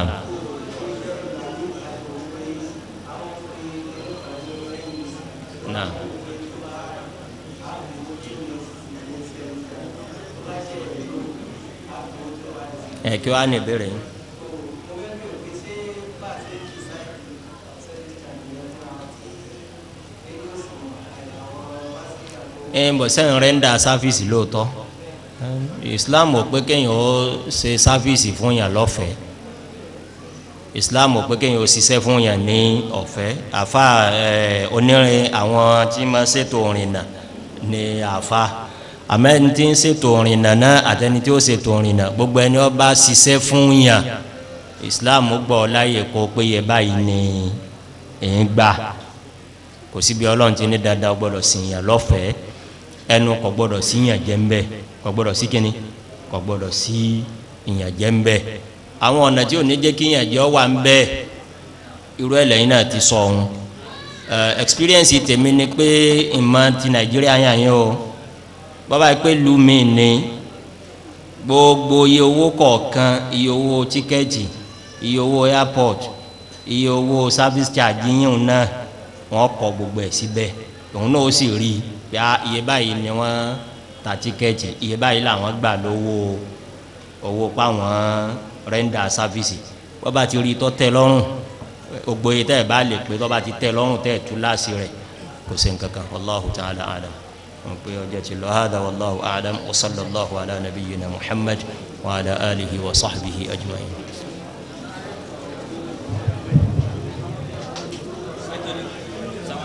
naam. ẹ̀ kí wàá ní ìbéèrè yín. ẹnbọ sẹ́yìn rẹ́ńdà sáfíìsì lóòótọ́ islam ò pé kéèyàn ó ṣe sáfíìsì fún yàn lọ́fẹ̀ẹ́ islam ò pé kéèyàn ó ṣiṣẹ́ fún yàn ní ọ̀fẹ́ àfa onírin àwọn tí ma ṣètò òrìnnà ní àfa. àmọ́ ẹni tí ń ṣètò òrìnnà náà àtẹni tí ó ṣètò òrìnnà gbogbo ẹni ọ bá ṣiṣẹ́ fún yàn Islam gbọ́ láyè kó péye báyìí ni kò síbi ọlọ́run ti ní ó gbọ́dọ̀ sí yàn lọ́fẹ̀ẹ́ ẹnu kò gbọ́dọ̀ sí yàn jẹ́ ńbẹ́ gbọ́dọ̀ sí gbọ́dọ̀ sí yàn jẹ́ àwọn ọ̀nà tí ò ní jẹ́ kí yàn jẹ́ ọ wà ńbẹ́ irú ẹlẹ́yìn náà ti sọ ọ̀hún experience tèmi ni pé ìmọ̀ ti Nàìjíríà yàn o. bọ́bá yìí pé lumi ni gbogbo iye owó kọ̀ọ̀kan iye owó tíkẹ́ẹ̀tì iye owó airport iye owó service charge yíyún náà wọ́n kọ gbogbo ẹ̀ síbẹ̀ òun náà ó sì rí i pé ah, iye báyìí ni wọ́n ta tíkẹ́ẹ̀tì iye báyìí làwọn gbà lówó owó páwọn rẹ́ńdà sáfìsì bọ́bá ti rí i tọ́ tẹ́ lọ́rùn ògbóye tẹ́ ẹ̀ bá lè pé tọ́ bá ti tẹ́ lọ́rùn tẹ́ ẹ̀ tú láàsì rẹ̀ kò sí nǹkan kan Allahu ta'ala alam. هذا والله أعلم وصلى الله على نبينا محمد وعلى آله وصحبه أجمعين